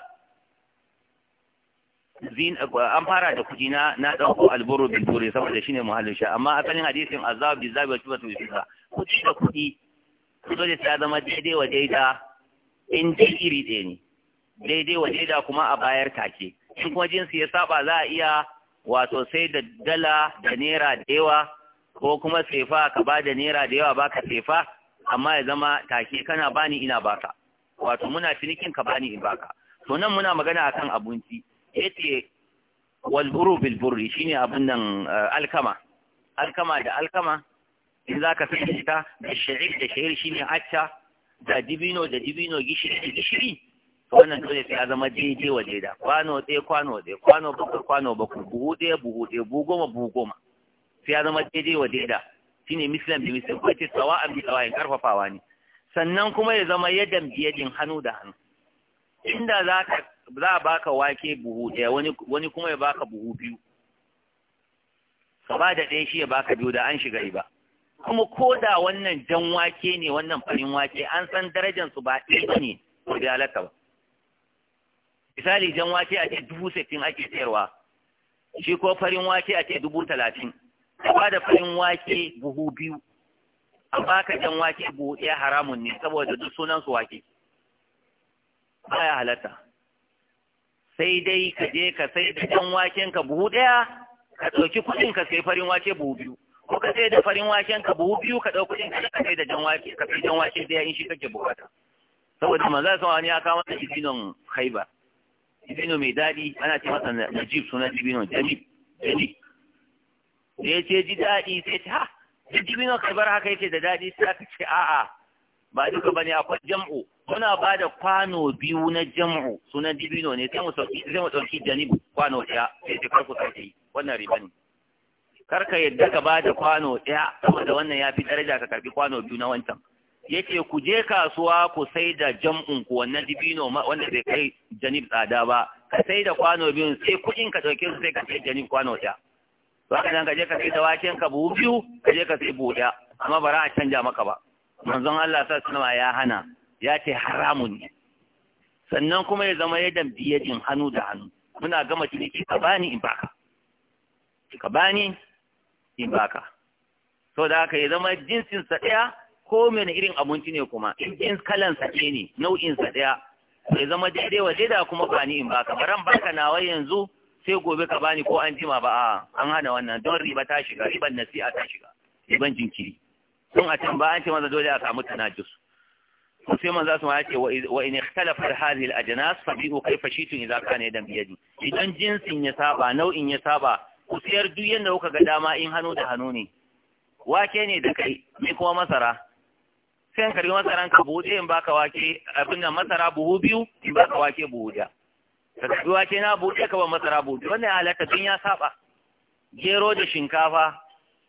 an fara da kuɗi na na ɗauko alburu bil buri saboda shine muhallin sha amma asalin hadisin azab bi zabi wa tu fiza kuɗi da kuɗi da ta zama daidai wa daida in ji iri ɗaya ne daidai wa daida kuma a bayar take in kuma jinsi ya saba za a iya wato sai da dala da naira da yawa ko kuma sefa ka ba da naira da yawa baka sefa amma ya zama take kana bani ina baka wato muna cinikin ka bani in baka to nan muna magana akan abinci yace wal buru bil burri shine abin nan eh, alkama alkama da alkama in zaka sanya ta da shi'ir da shi'ir shine acca da dibino da dibino gishiri gishiri to wannan dole sai ya zama daidai wa daida kwano ɗaya kwano ɗaya kwano bakwai kwano bakwai buhu ɗaya buhu ɗaya buhu goma buhu goma sai ya zama daidai wa daida shine mislan bi mislan ko ce sawa'an bi sawa'in karfafawa ne sannan kuma ya zama yadda biyadin hannu da hannu inda za ka za a baka wake buhu ɗaya wani kuma ya baka buhu biyu ka ba da ɗaya shi ya baka biyu da an shiga riba kuma ko da wannan jan wake ne wannan farin wake an san darajar su ba ɗaya ba ne ko da halatta ba misali jan wake a ce dubu sittin ake sayarwa shi ko farin wake a ce dubu talatin ka ba da farin wake buhu biyu a baka jan wake buhu ɗaya haramun ne saboda duk sunan su wake ya halatta sai dai ka je ka sai da ɗan waken ka buhu ɗaya ka ɗauki kuɗin ka sai farin wake buhu biyu ko ka sai da farin waken ka buhu biyu ka ɗauki kuɗin ka sai da ɗan wake ka sai jan wake ɗaya in shi kake bukata saboda manzo sa wani ya kawo masa ibinon haiba. ibino mai daɗi ana ce masa najib suna ibino Jami, Jami. Me ya ce ji daɗi sai ta ha ibino khaibar haka yake da daɗi sai aka ce a'a ba duka bane akwai jam'u Kuna ba da kwano biyu na jam'u suna dibino ne sai mu sauki sai mu sauki kwano ɗaya sai ta karku sauki wannan riba ne kar ka yadda ka ba da kwano ɗaya saboda wannan ya fi daraja ka karbi kwano biyu na wancan yace ku je kasuwa ku sai da jam'un ku wannan dibino wanda bai kai janib tsada ba ka sai da kwano biyu sai kuɗin ka ɗauke su sai ka sai janib kwano ɗaya to haka nan ka je ka sai da waken ka buhu biyu ka je ka sai buhu ɗaya amma ba za a canja maka ba manzon Allah sallallahu alaihi wasallam ya hana ya ce haramun ne sannan kuma ya zama yadda jin hannu da hannu muna gama ciniki ka bani in baka ka bani in baka Sau da haka ya zama jinsin sa ɗaya ko mene irin abinci ne kuma in kalan sa ɗaya ne nau'in sa daya ya zama daidai wa daida kuma bani in baka baran baka nawa yanzu sai gobe ka bani ko an jima ba a an hana wannan don riba ta shiga riban nasi'a ta shiga riban jinkiri don a can ba an ce maza dole a samu jisu sai manzo su ma ce wa in ikhtalafa hadhihi al-ajnas fabi'u kayfa shi'tum idza kana yadan biyadi idan jinsin ya saba nau'in ya saba ku sayar duk yanda kuka ga dama in hannu da hannu ne wake ne da kai ni kuma masara sai ka riga masaran ka bude in baka wake abin nan masara buhu biyu in baka wake buhu da ka wake na bude ka ba masara buhu wannan halatta tun ya saba gero da shinkafa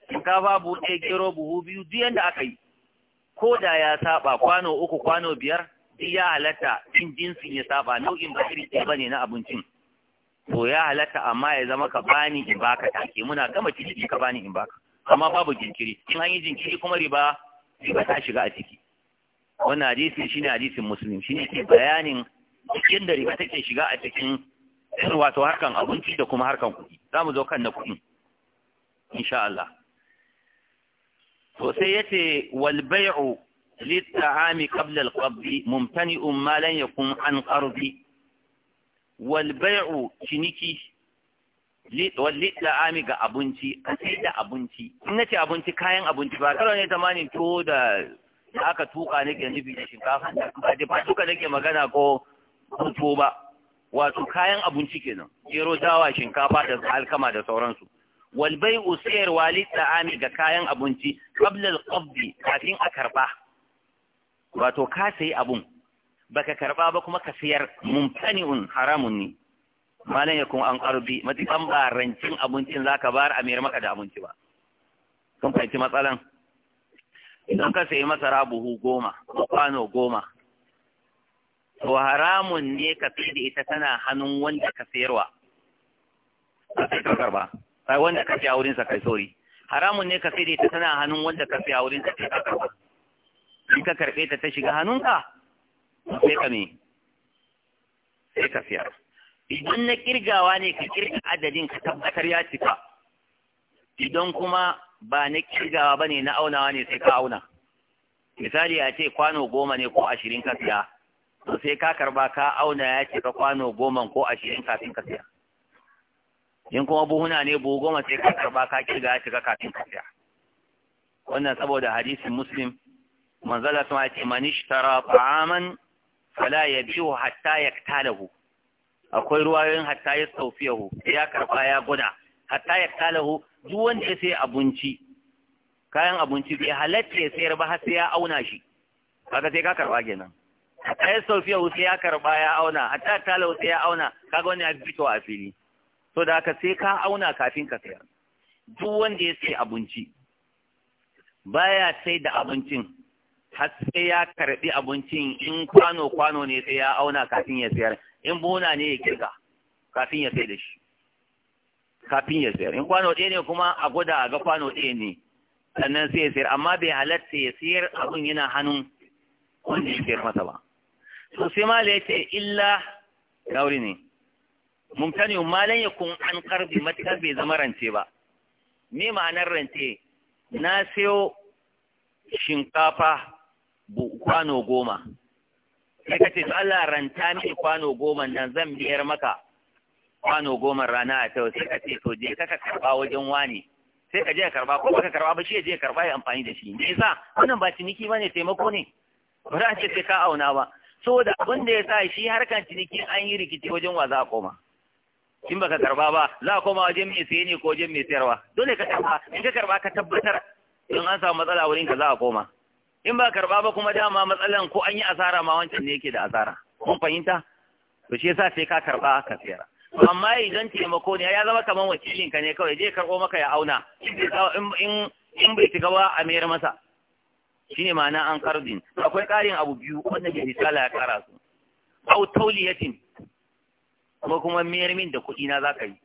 shinkafa bude gero buhu biyu duk yanda aka yi ko da ya saba kwano uku kwano biyar duk ya halatta in jinsin ya saba nau'in ba iri ɗaya bane na abincin to ya halatta amma ya zama ka bani in baka take muna gama ciki ka bani in baka amma babu jinkiri in an yi jinkiri kuma riba riba ta shiga a ciki wannan hadisi shine hadisin muslim shine ke bayanin yadda riba take shiga a cikin wato harkan abinci da kuma harkan kuɗi za mu zo kan na kuɗi insha Allah to sai yace wal bai'u mumtani قبل القبض ممتنئ ما an يكون عن قرض والبيع شنيكي للطعام ga abinci sai da abinci in nace abinci kayan abinci ba karo ne tamanin to da aka tuka nake nufi da shinkafa da ba da ba tuka nake magana ko to ba wato kayan abinci kenan gero dawa shinkafa da alkama da sauransu wal bai'u sayarwa li ta'ami ga kayan abinci qabla al qabdi kafin a karɓa. wato ka sayi abun ka karɓa ba kuma ka sayar mumtani'un haramun ne malan yakun an qarbi matikan ba rancin abincin za ka bar a mayar maka da abinci ba kun fahimci matsalan idan ka sayi masara buhu goma ko kwano goma to haramun ne ka fi da ita tana hannun wanda ka sayarwa ba sai ka karba kai wanda ka fi a sa kai sori haramun ne ka fi da ita tana hannun wanda ka fi a sa kai ka karba in ka karbe ta ta shiga hannunka sai ka me sai ka fiya idan na kirgawa ne ka kirga adadin ka tabbatar ya cika idan kuma ba na kirgawa bane na aunawa ne sai ka auna misali a ce kwano goma ne ko ashirin ka siya to sai ka karba ka auna ya cika kwano goma ko ashirin kafin ka siya in kuma buhuna ne buhu goma sai ka karba ka kirga ya shiga kafin ka siya wannan saboda hadisin muslim manzala sun ce man ishtara ta'aman fala biyu, hatta yaktalahu akwai ruwayoyin hatta yahu ya karba ya guda hatta yaktalahu duk wanda ya sai abinci kayan abinci bai halatta ya sayar ba har sai ya auna shi kaga sai ka karba kenan hatta yahu sai ya karba ya auna hatta talahu sai ya auna kaga wani ya fito a fili so da haka sai ka auna kafin ka sayar duk wanda ya sai abinci baya sai da abincin har sai ya karbi abincin in kwano kwano ne sai ya auna kafin ya sayar in bona ne ya kirga kafin ya sai da shi kafin ya sayar in kwano ɗaya ne kuma a gwada a ga kwano ɗaya ne sannan sai ya sayar amma bai halatta ya sayar abin yana hannun wanda ya sayar masa ba Sosai sai ma da ya ce illa rauri ne mumtani ma lan yakun an karbi matakar bai zama rance ba me ma'anar rance na sayo shinkafa kwano goma sai ka ce to Allah ranta miki kwano goma nan zan biyar maka kwano goma rana a tau sai ka ce to je ka ka karba wajen wani sai ka je ka karba ko baka karba ba shi je ka karba ya amfani da shi me yasa wannan ba ciniki bane taimako ne ba za a ce sai ka auna ba saboda abin da ya sa shi harkan ciniki an yi rikici wajen wa za a koma in baka karba ba za koma wajen mai siye ne ko wajen mai sayarwa dole ka karba in ka karba ka tabbatar in an samu matsala wurin ka za a koma in ba karba ba kuma dama matsalan ko an yi asara ma wancan ne yake da asara kun fahimta to shi yasa sai ka karba ka sayar amma idan taimako ne ya zama kamar wakilin ka ne kawai je karbo maka ya auna in bai shiga ba a mayar masa shine ma'ana an karbin akwai karin abu biyu wanda ke ya kara su au tauliyatin ko kuma mayar min da kuɗi na zaka yi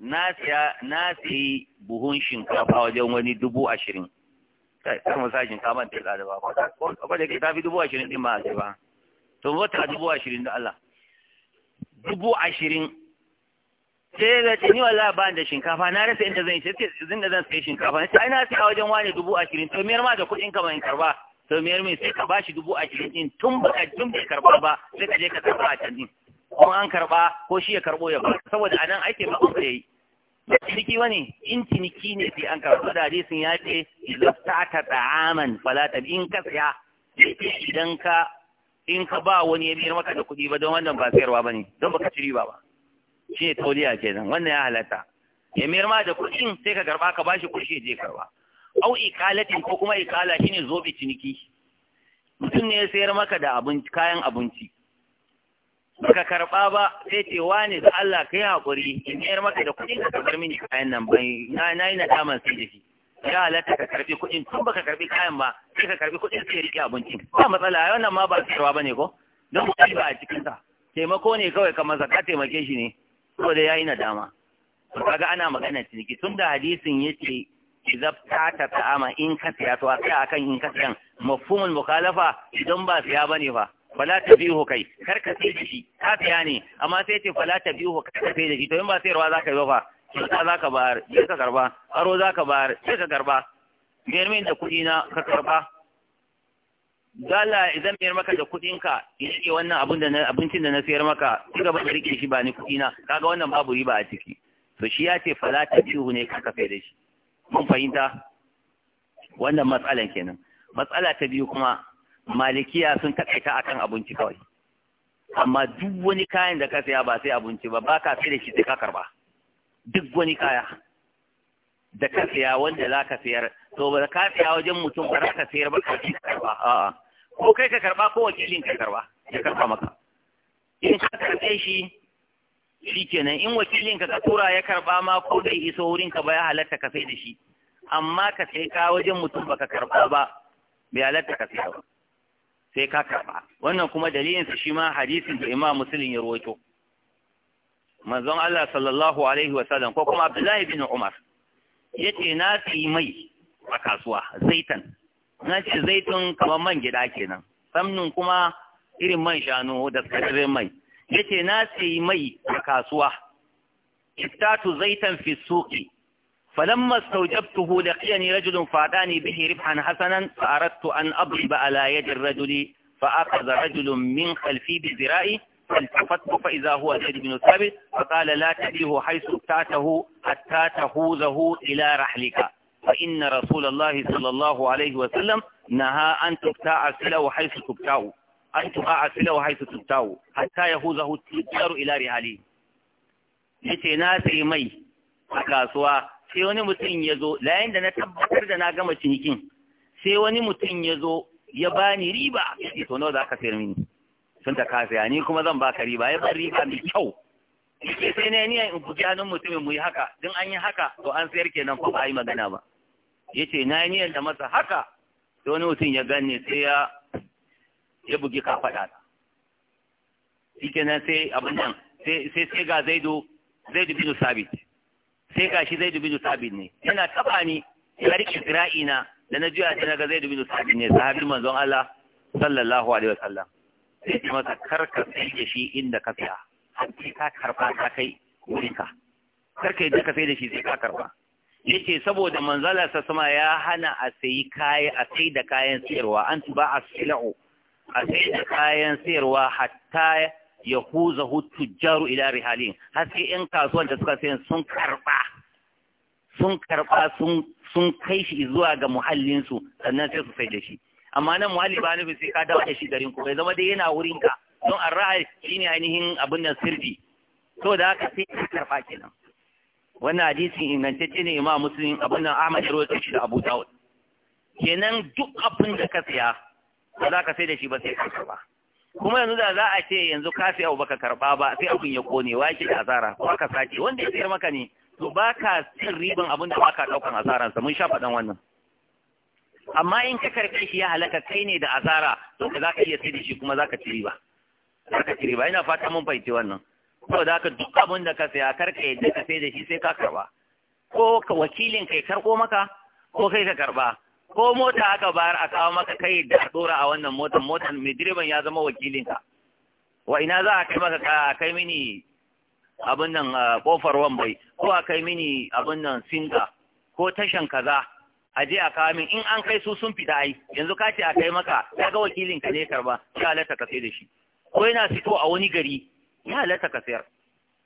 na siya na sayi buhun shinkafa wajen wani dubu ashirin kai mu sa shinkafa ta tsada ba ko ba da ke tafi dubu ashirin din ma a ba to ta dubu ashirin da Allah dubu ashirin sai ga ce ni wallahi ba da shinkafa na rasa inda zan yi sai zan da zan sai shinkafa ne sai na siya a wajen wani dubu ashirin to miyar ma da kuɗin ka ban karba to miyar min sai ka bashi dubu ashirin din tun baka tun bai karba ba sai ka je ka karba a can din kuma an karba ko shi ya karbo ya ba saboda anan ake ba ya yi ciki ciniki wani in ciniki ne sai an karba da hadisin ya ce ilasta ta ta'aman ta in ka saya idan ka in ka ba wani ya biyar maka da kuɗi ba don wannan ba sayarwa ba ne don baka ci riba ba shi ne tauliya kenan wannan ya halatta ya mayar ma da kuɗin sai ka karba ka bashi kuɗi je karba au ikalatin ko kuma ikala shine zobe ciniki mutum ne ya sayar maka da kayan abinci baka karba ba sai ce wani da Allah kai hakuri in yar maka da kudin ka bar mini kayan nan bai na nayi na daman sai da shi ya halatta ka karbi kudin tun baka karbi kayan ba sai ka karbi kudin sai rike abincin ba matsala wannan ma ba tsarwa bane ko don kudi ba a cikin sa taimako ne kawai kamar zaka taimake shi ne da yayi na dama kaga ana magana ciniki tun da hadisin yace idza ta ta ta'ama in ka siya to a akan in ka siyan mafhumul mukhalafa idan ba siya bane fa fala tabihu kai kar ka sai da shi ka biya ne amma sai ce fala biyu kar ka sai da shi to in ba sayarwa zaka yi ba za ka bayar sai ka karba aro ka bayar sai ka karba biyar min da kuɗi na ka karba dala idan biyar maka da kuɗin ka in rike wannan abin da abincin da na sayar maka ci gaba da rike shi ba ni kuɗi na kaga wannan babu riba a ciki to shi ya ce fala biyu ne kar ka sai da shi mun fahimta wannan matsalan kenan matsala ta biyu kuma malikiya sun takaita akan abinci kawai amma duk wani kayan da ka saya ba sai abinci ba ba ka sai da shi sai ka karba duk wani kaya da ka saya wanda za ka sayar to ba ka saya wajen mutum ba za ka sayar ba ka karba a'a ko kai ka karba ko wakilin ka karba ya karba maka in ka karbe shi shikenan in wakilin ka ka tura ya karba ma ko bai iso wurin ka ba ya halatta ka sai da shi amma ka sai ka wajen mutum baka karba ba bai halatta ka sai ba sai ka karba wannan kuma dalilinsa shi ma hadisin da imam muslim ya rawaito manzon Allah sallallahu alaihi wasallam ko kuma Abdullahi bin Umar yace na sayi mai a kasuwa zaitan na ce zaitun kamar man gida kenan samnin kuma irin man shanu da tsirrin mai yace na sayi mai a kasuwa kitatu zaitan fi suqi فلما استوجبته لقيني رجل فاداني به ربحا حسنا فأردت أن أضرب على يد الرجل فأخذ رجل من خلفي بذرائي فالتفت فإذا هو زيد بن ثابت فقال لا تجده حيث ابتعته حتى تخوذه إلى رحلك فإن رسول الله صلى الله عليه وسلم نهى أن تبتاع سلو حيث تبتاع أن تقاع سلو حيث تبتاع حتى يخوذه التجار إلى رحاله yace مي sai sai wani mutum ya zo layin da na tabbatar da na gama cinikin sai wani mutum ya zo ya bani riba ya to nawa za ka sayar mini sun ta kasa ni kuma zan baka riba ya bar riba mai kyau yake sai na yaniya in buji mutumin mu yi haka don an yi haka to an sayar kenan ko ba magana ba yace na yaniya da masa haka sai wani mutum ya ganni sai ya ya bugi kafada ta shikenan sai abin nan sai sai ga zaidu zaidu bin sabit sai shi zai dubi sabit ne yana taba ni ya rike fira'i na da na juya ta naga zai dubi sabit ne sahabin manzon Allah sallallahu alaihi sallam sai ce masa karka sai da shi inda ka fiya har ka karba ta kai wurinka karka yadda ka sai da shi sai ka karba yace saboda manzala sa sama ya hana a sayi kaya a sai da kayan sayarwa an tuba a silau a sai da kayan sayarwa hatta ya hutu jaru ila rihalin Haske sai kasuwan da suka sayan sun karba sun karba sun sun kai shi zuwa ga muhallin su sannan sai su sai da shi amma nan muhalli ba ne sai ka dawo da shi garin ku bai zama dai yana wurin ka don shi ne ainihin abin nan sirri to da haka sai ka karba kenan wannan hadisin ingantacce ne imam muslim abin nan Ahmad rawaito shi da Abu Dawud kenan duk abin da ka saya ba za ka sai da shi ba sai ka karba kuma yanzu da za a ce yanzu ka sai abu baka karba ba sai abin ya kone wa yake da asara ko aka sace wanda ya sayar maka ne to ba ka cin riban abin da baka daukan asaran sa mun sha faɗan wannan amma in ka karbe shi ya halaka kai ne da asara to za ka iya sai shi kuma za ka ci riba za ka ci riba ina fata mun fahimci wannan da ka duk abin da ka saya ka yadda ka sai da shi sai ka karba ko ka wakilin kai karɓo maka ko kai ka karba ko mota aka bayar a kawo maka kai da a a wannan motan motan mai direban ya zama wakilinka wa ina za a kai maka kai mini abin nan kofar wambai ko a kai mini abin nan singa ko tashan kaza a je a kawo min in an kai su sun fita ai yanzu ka ce a kai maka ya ga wakilin ne karba ya halatta ka sai da shi ko yana fito a wani gari ya halatta ka sayar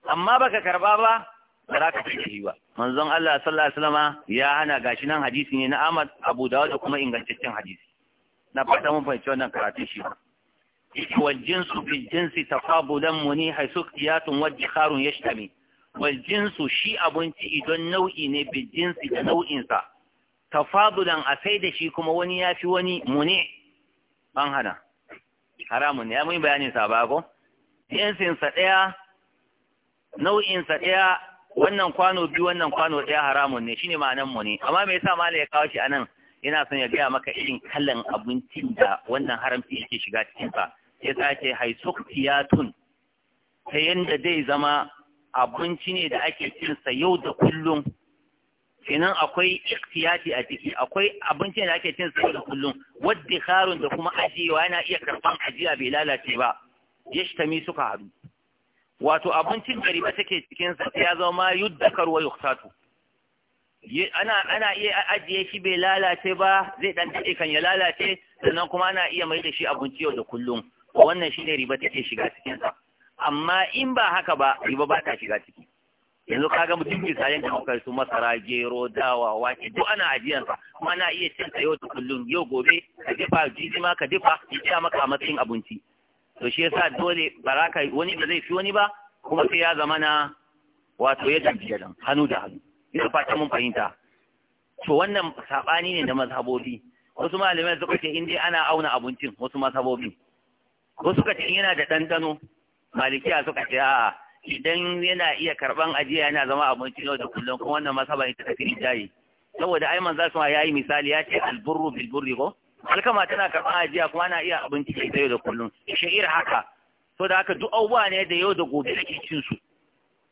amma baka karba ba ba za ka san shi ba manzon Allah sallallahu alaihi wasallama ya hana gashi nan hadisi ne na Ahmad Abu Dawud da kuma ingantaccen hadisi na fata mun fahimci wannan karatun shi ba muni بالجنس qiyatun wa jikharun yashtami wal jinsu shi abunci idan nau'i ne jinsi da nau'insa tafadulan a sai da shi kuma wani ya fi wani muni an hana haramun ne ya mun bayanin sa ba ko jinsin sa daya nau'in sa daya wannan kwano biyu wannan kwano ɗaya haramun ne shine ma'anan mu ne amma me yasa Malam ya kawo shi anan yana son ya gaya maka irin kalan abincin da wannan haramci yake shiga cikin sa Ya sa ce haisuktiyatun ta yanda zai zama abinci ne da ake cin sa yau da kullum kenan akwai iktiyati a ciki akwai abinci da ake cin sa yau da kullum wadda da kuma ajiyewa yana iya karban ajiya bai lalace ba yashtami suka haɗu wato abincin da riba take cikin sa ya zama yuddakar wa yuktatu ana ana iya ajiye shi bai lalace ba zai dan dade kan ya lalace sannan kuma ana iya mai da shi abinci yau da kullum wannan shine riba take shiga cikin sa amma in ba haka ba riba ba ta shiga ciki yanzu kaga mutum misalin da kuka su masara gero dawa wake duk ana ajiyar sa kuma ana iya cin sa yau da kullum yau gobe ka dafa jijima ka dafa ya maka a matsayin abinci to shi yasa dole baraka wani ba zai fi wani ba kuma sai ya zama na wato ya tafiya dan hannu da hannu ina fata mun fahimta to wannan sabani ne da mazhabobi wasu malamai suka ce in dai ana auna abincin wasu mazhabobi wasu suka ce yana da dandano malikiya suka ce a'a idan yana iya karban ajiya yana zama abinci yau da kullum kuma wannan mazhaba ita ta fi jayi saboda ai manzo ya yayi misali ya ce alburru bil burri ko alkama tana karɓar ajiya kuma ana iya abinci da ita yau da kullum sha'ir haka to da haka duk abubuwa ne da yau da gobe ake cin su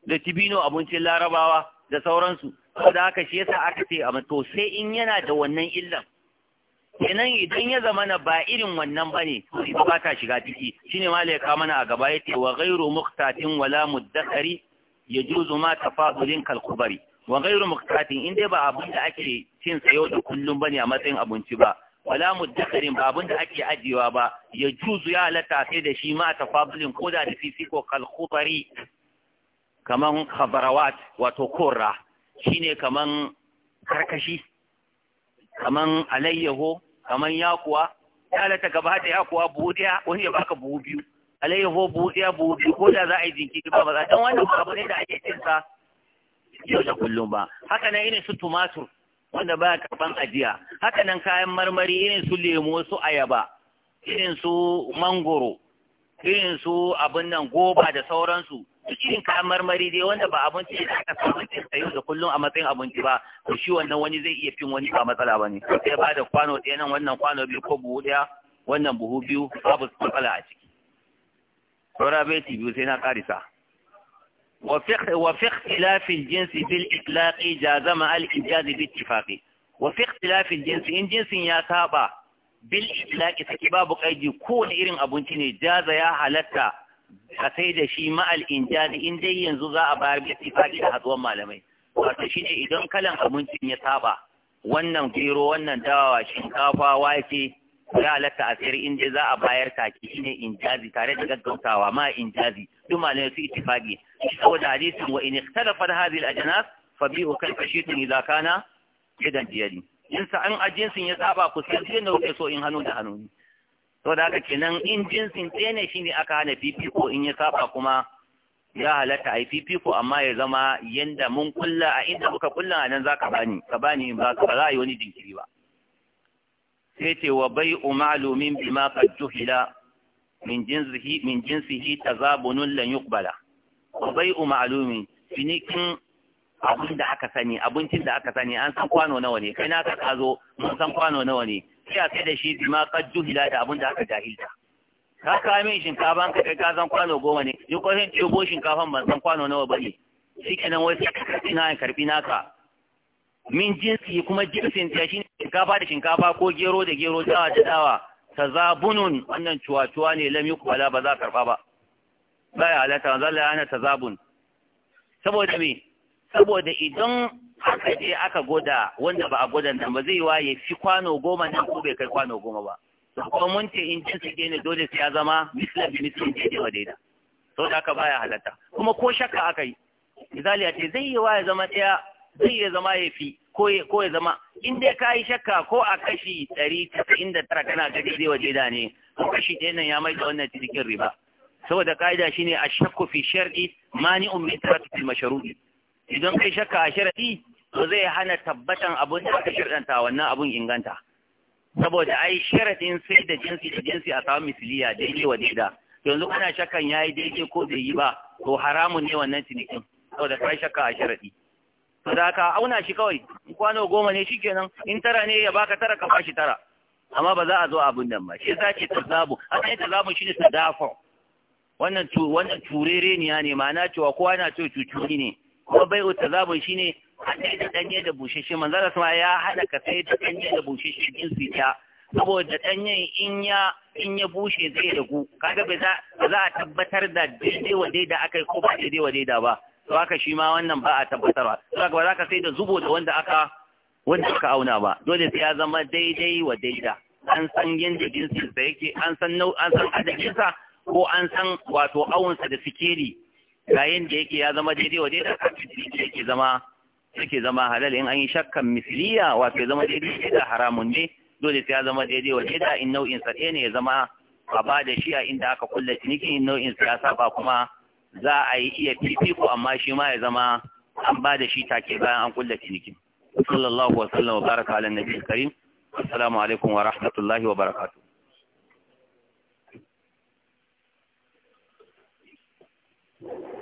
da tibino abincin larabawa da sauransu to da haka shi yasa aka ce amma to sai in yana da wannan illan kenan idan ya zama na ba irin wannan bane to ba ta shiga ciki shine ma ya mana a gaba yace wa ghayru muqtatin wala muddakari yajuzu ma tafadulin kalkubari wa ghayru muqtatin in dai ba abin ake cin sa yau da kullum bane a matsayin abinci ba wala muddakarin ba abin da ake ajiyewa ba ya juzu ya halatta sai da shi ma tafabulin ko da ko kalkubari kaman khabarawat wato korra shine kaman karkashi kaman alayyaho kaman yakuwa ya halatta gaba da yakuwa buhu daya wani ya baka buhu biyu alayyaho buhu daya buhu biyu ko da za a yi jinkiri ba ba za dan wannan abu ne da ake cinsa yau da kullum ba haka yi irin su tumatur wanda ba karɓan ajiya haka nan kayan marmari irin su lemo su ayaba irin su mangoro irin su abin nan goba da sauransu duk irin kayan marmari dai wanda ba abinci da aka samu a yau da kullum a matsayin abinci ba to shi wannan wani zai iya fin wani ba matsala ba ne sai ba da kwano ɗaya nan wannan kwano biyu ko buhu ɗaya wannan buhu biyu babu matsala a ciki saura ci biyu sai na ƙarisa وفي اختلاف الجنس بالإطلاق جازم الإنجاز باتفاق وفي اختلاف الجنس إن جنس يتابع بالإطلاق سكباب قيدي كون إرن أبنتيني جاز يا حالتا أسيد شي مع الإنجاز إن دي ينزوز أبار باتفاق لحظوة معلمين وتشيني إذن كلام أبنتيني يتابع wannan gero wannan dawa shinkafa wake ya halatta a sayar inda za a bayar take shine injazi tare da gaggautawa ma injazi duk malamai su ittifaqi saboda hadisin wa in ikhtalafa hadhihi al-ajnas fabi'u kayfa shi'tum idza kana idan diyali in sa an ajinsin ya saba ku sai da kuke so in hannu da hannu ne to da haka kenan in jinsin ne shine aka hana fifiko in ya saba kuma ya halatta a yi fifiko amma ya zama yanda mun kulla a inda muka kulla a nan za ka bani ka ba za a yi wani jinkiri ba sai wa bai umalumin bima ka juhila min jinsihi min jinsihi tazabunun lan yuqbala wa bai'u ma'lumin finikin abin da aka sani abincin da aka sani an san kwano nawa ne kai na ka kazo mun san kwano nawa ne sai a da shi bima qad juhila da abin da aka jahilta ka kawo min shinkafa ka kai ka san kwano goma ne ni ko sai ciyo shinkafan ban san kwano nawa bane shikenan wai sai ka tina na karbi naka min jinsi kuma jinsin ta shine shinkafa da shinkafa ko gero da gero dawa da dawa tazabunun wannan cuwa-cuwa ne lam yuqbala ba za karfa ba ba ya halatta manzo Allah tazabun saboda me saboda idan aka je aka goda wanda ba a goda nan ba zai waye fi kwano goma nan ko bai kai kwano goma ba kuma mun ce in cin suke ne dole sai ya zama mislan bi ne, daidai wa daida to da baya halatta kuma ko shakka aka yi misali a ce zai yi waye zama daya zai iya zama ya fi ko ya zama in dai ka yi shakka ko a kashi ɗari casa'in da tara kana gaji zai waje da ne ko kashi ɗaya nan ya maida wannan cinikin riba saboda ka'ida shine a shakku fi shar'i mani umri taratu fi mashru'i idan kai shakka a shar'i to zai hana tabbatan abun da aka shirɗanta wannan abun inganta saboda ai sharaɗin sai da jinsi da jinsi a samun misiliya daidai wa daida yanzu kana shakkan ya yi daidai ko bai yi ba to haramun ne wannan cinikin saboda kai shakka a sharaɗi. da ka auna shi kawai kwano goma ne shikenan in tara ne ya baka tara ka bashi tara amma ba za a zo abun nan ba shi yasa ce tazabu asalin tazabu shine tadafu wannan tu wannan turere ne ne ma'ana cewa kowa na cewa cucuri ne kuma bai shi tazabu a haɗe da danye da bushashe manzala sama ya haɗa ka sai da danye da bushashe su ta saboda danyen in ya in ya bushe zai ragu kaga ba za a tabbatar da daidai wa daida akai ko ba daidai wa daida ba to haka shi ma wannan ba a tabbatarwa to ba za ka sai da zubo da wanda aka wanda aka auna ba dole sai ya zama daidai wa daida an san yanda jinsin sa yake an san nau an san adadin sa ko an san wato awun sa da sikeli ga yanda yake ya zama daidai wa daida yake zama yake zama halal in an yi shakkan misliya wato ya zama daidai da haramun ne dole sai ya zama daidai wa daida in nau'in sa ne ya zama a ba da shi a inda aka kulle ciniki in nau'in sa ya saba kuma za a yi iya fifiko amma shi ma ya zama an ba da shi take bayan an kulla ciniki sallallahu wasallam wa baraka ala nabiyil karim assalamu alaikum wa rahmatullahi wa barakatuh Thank you.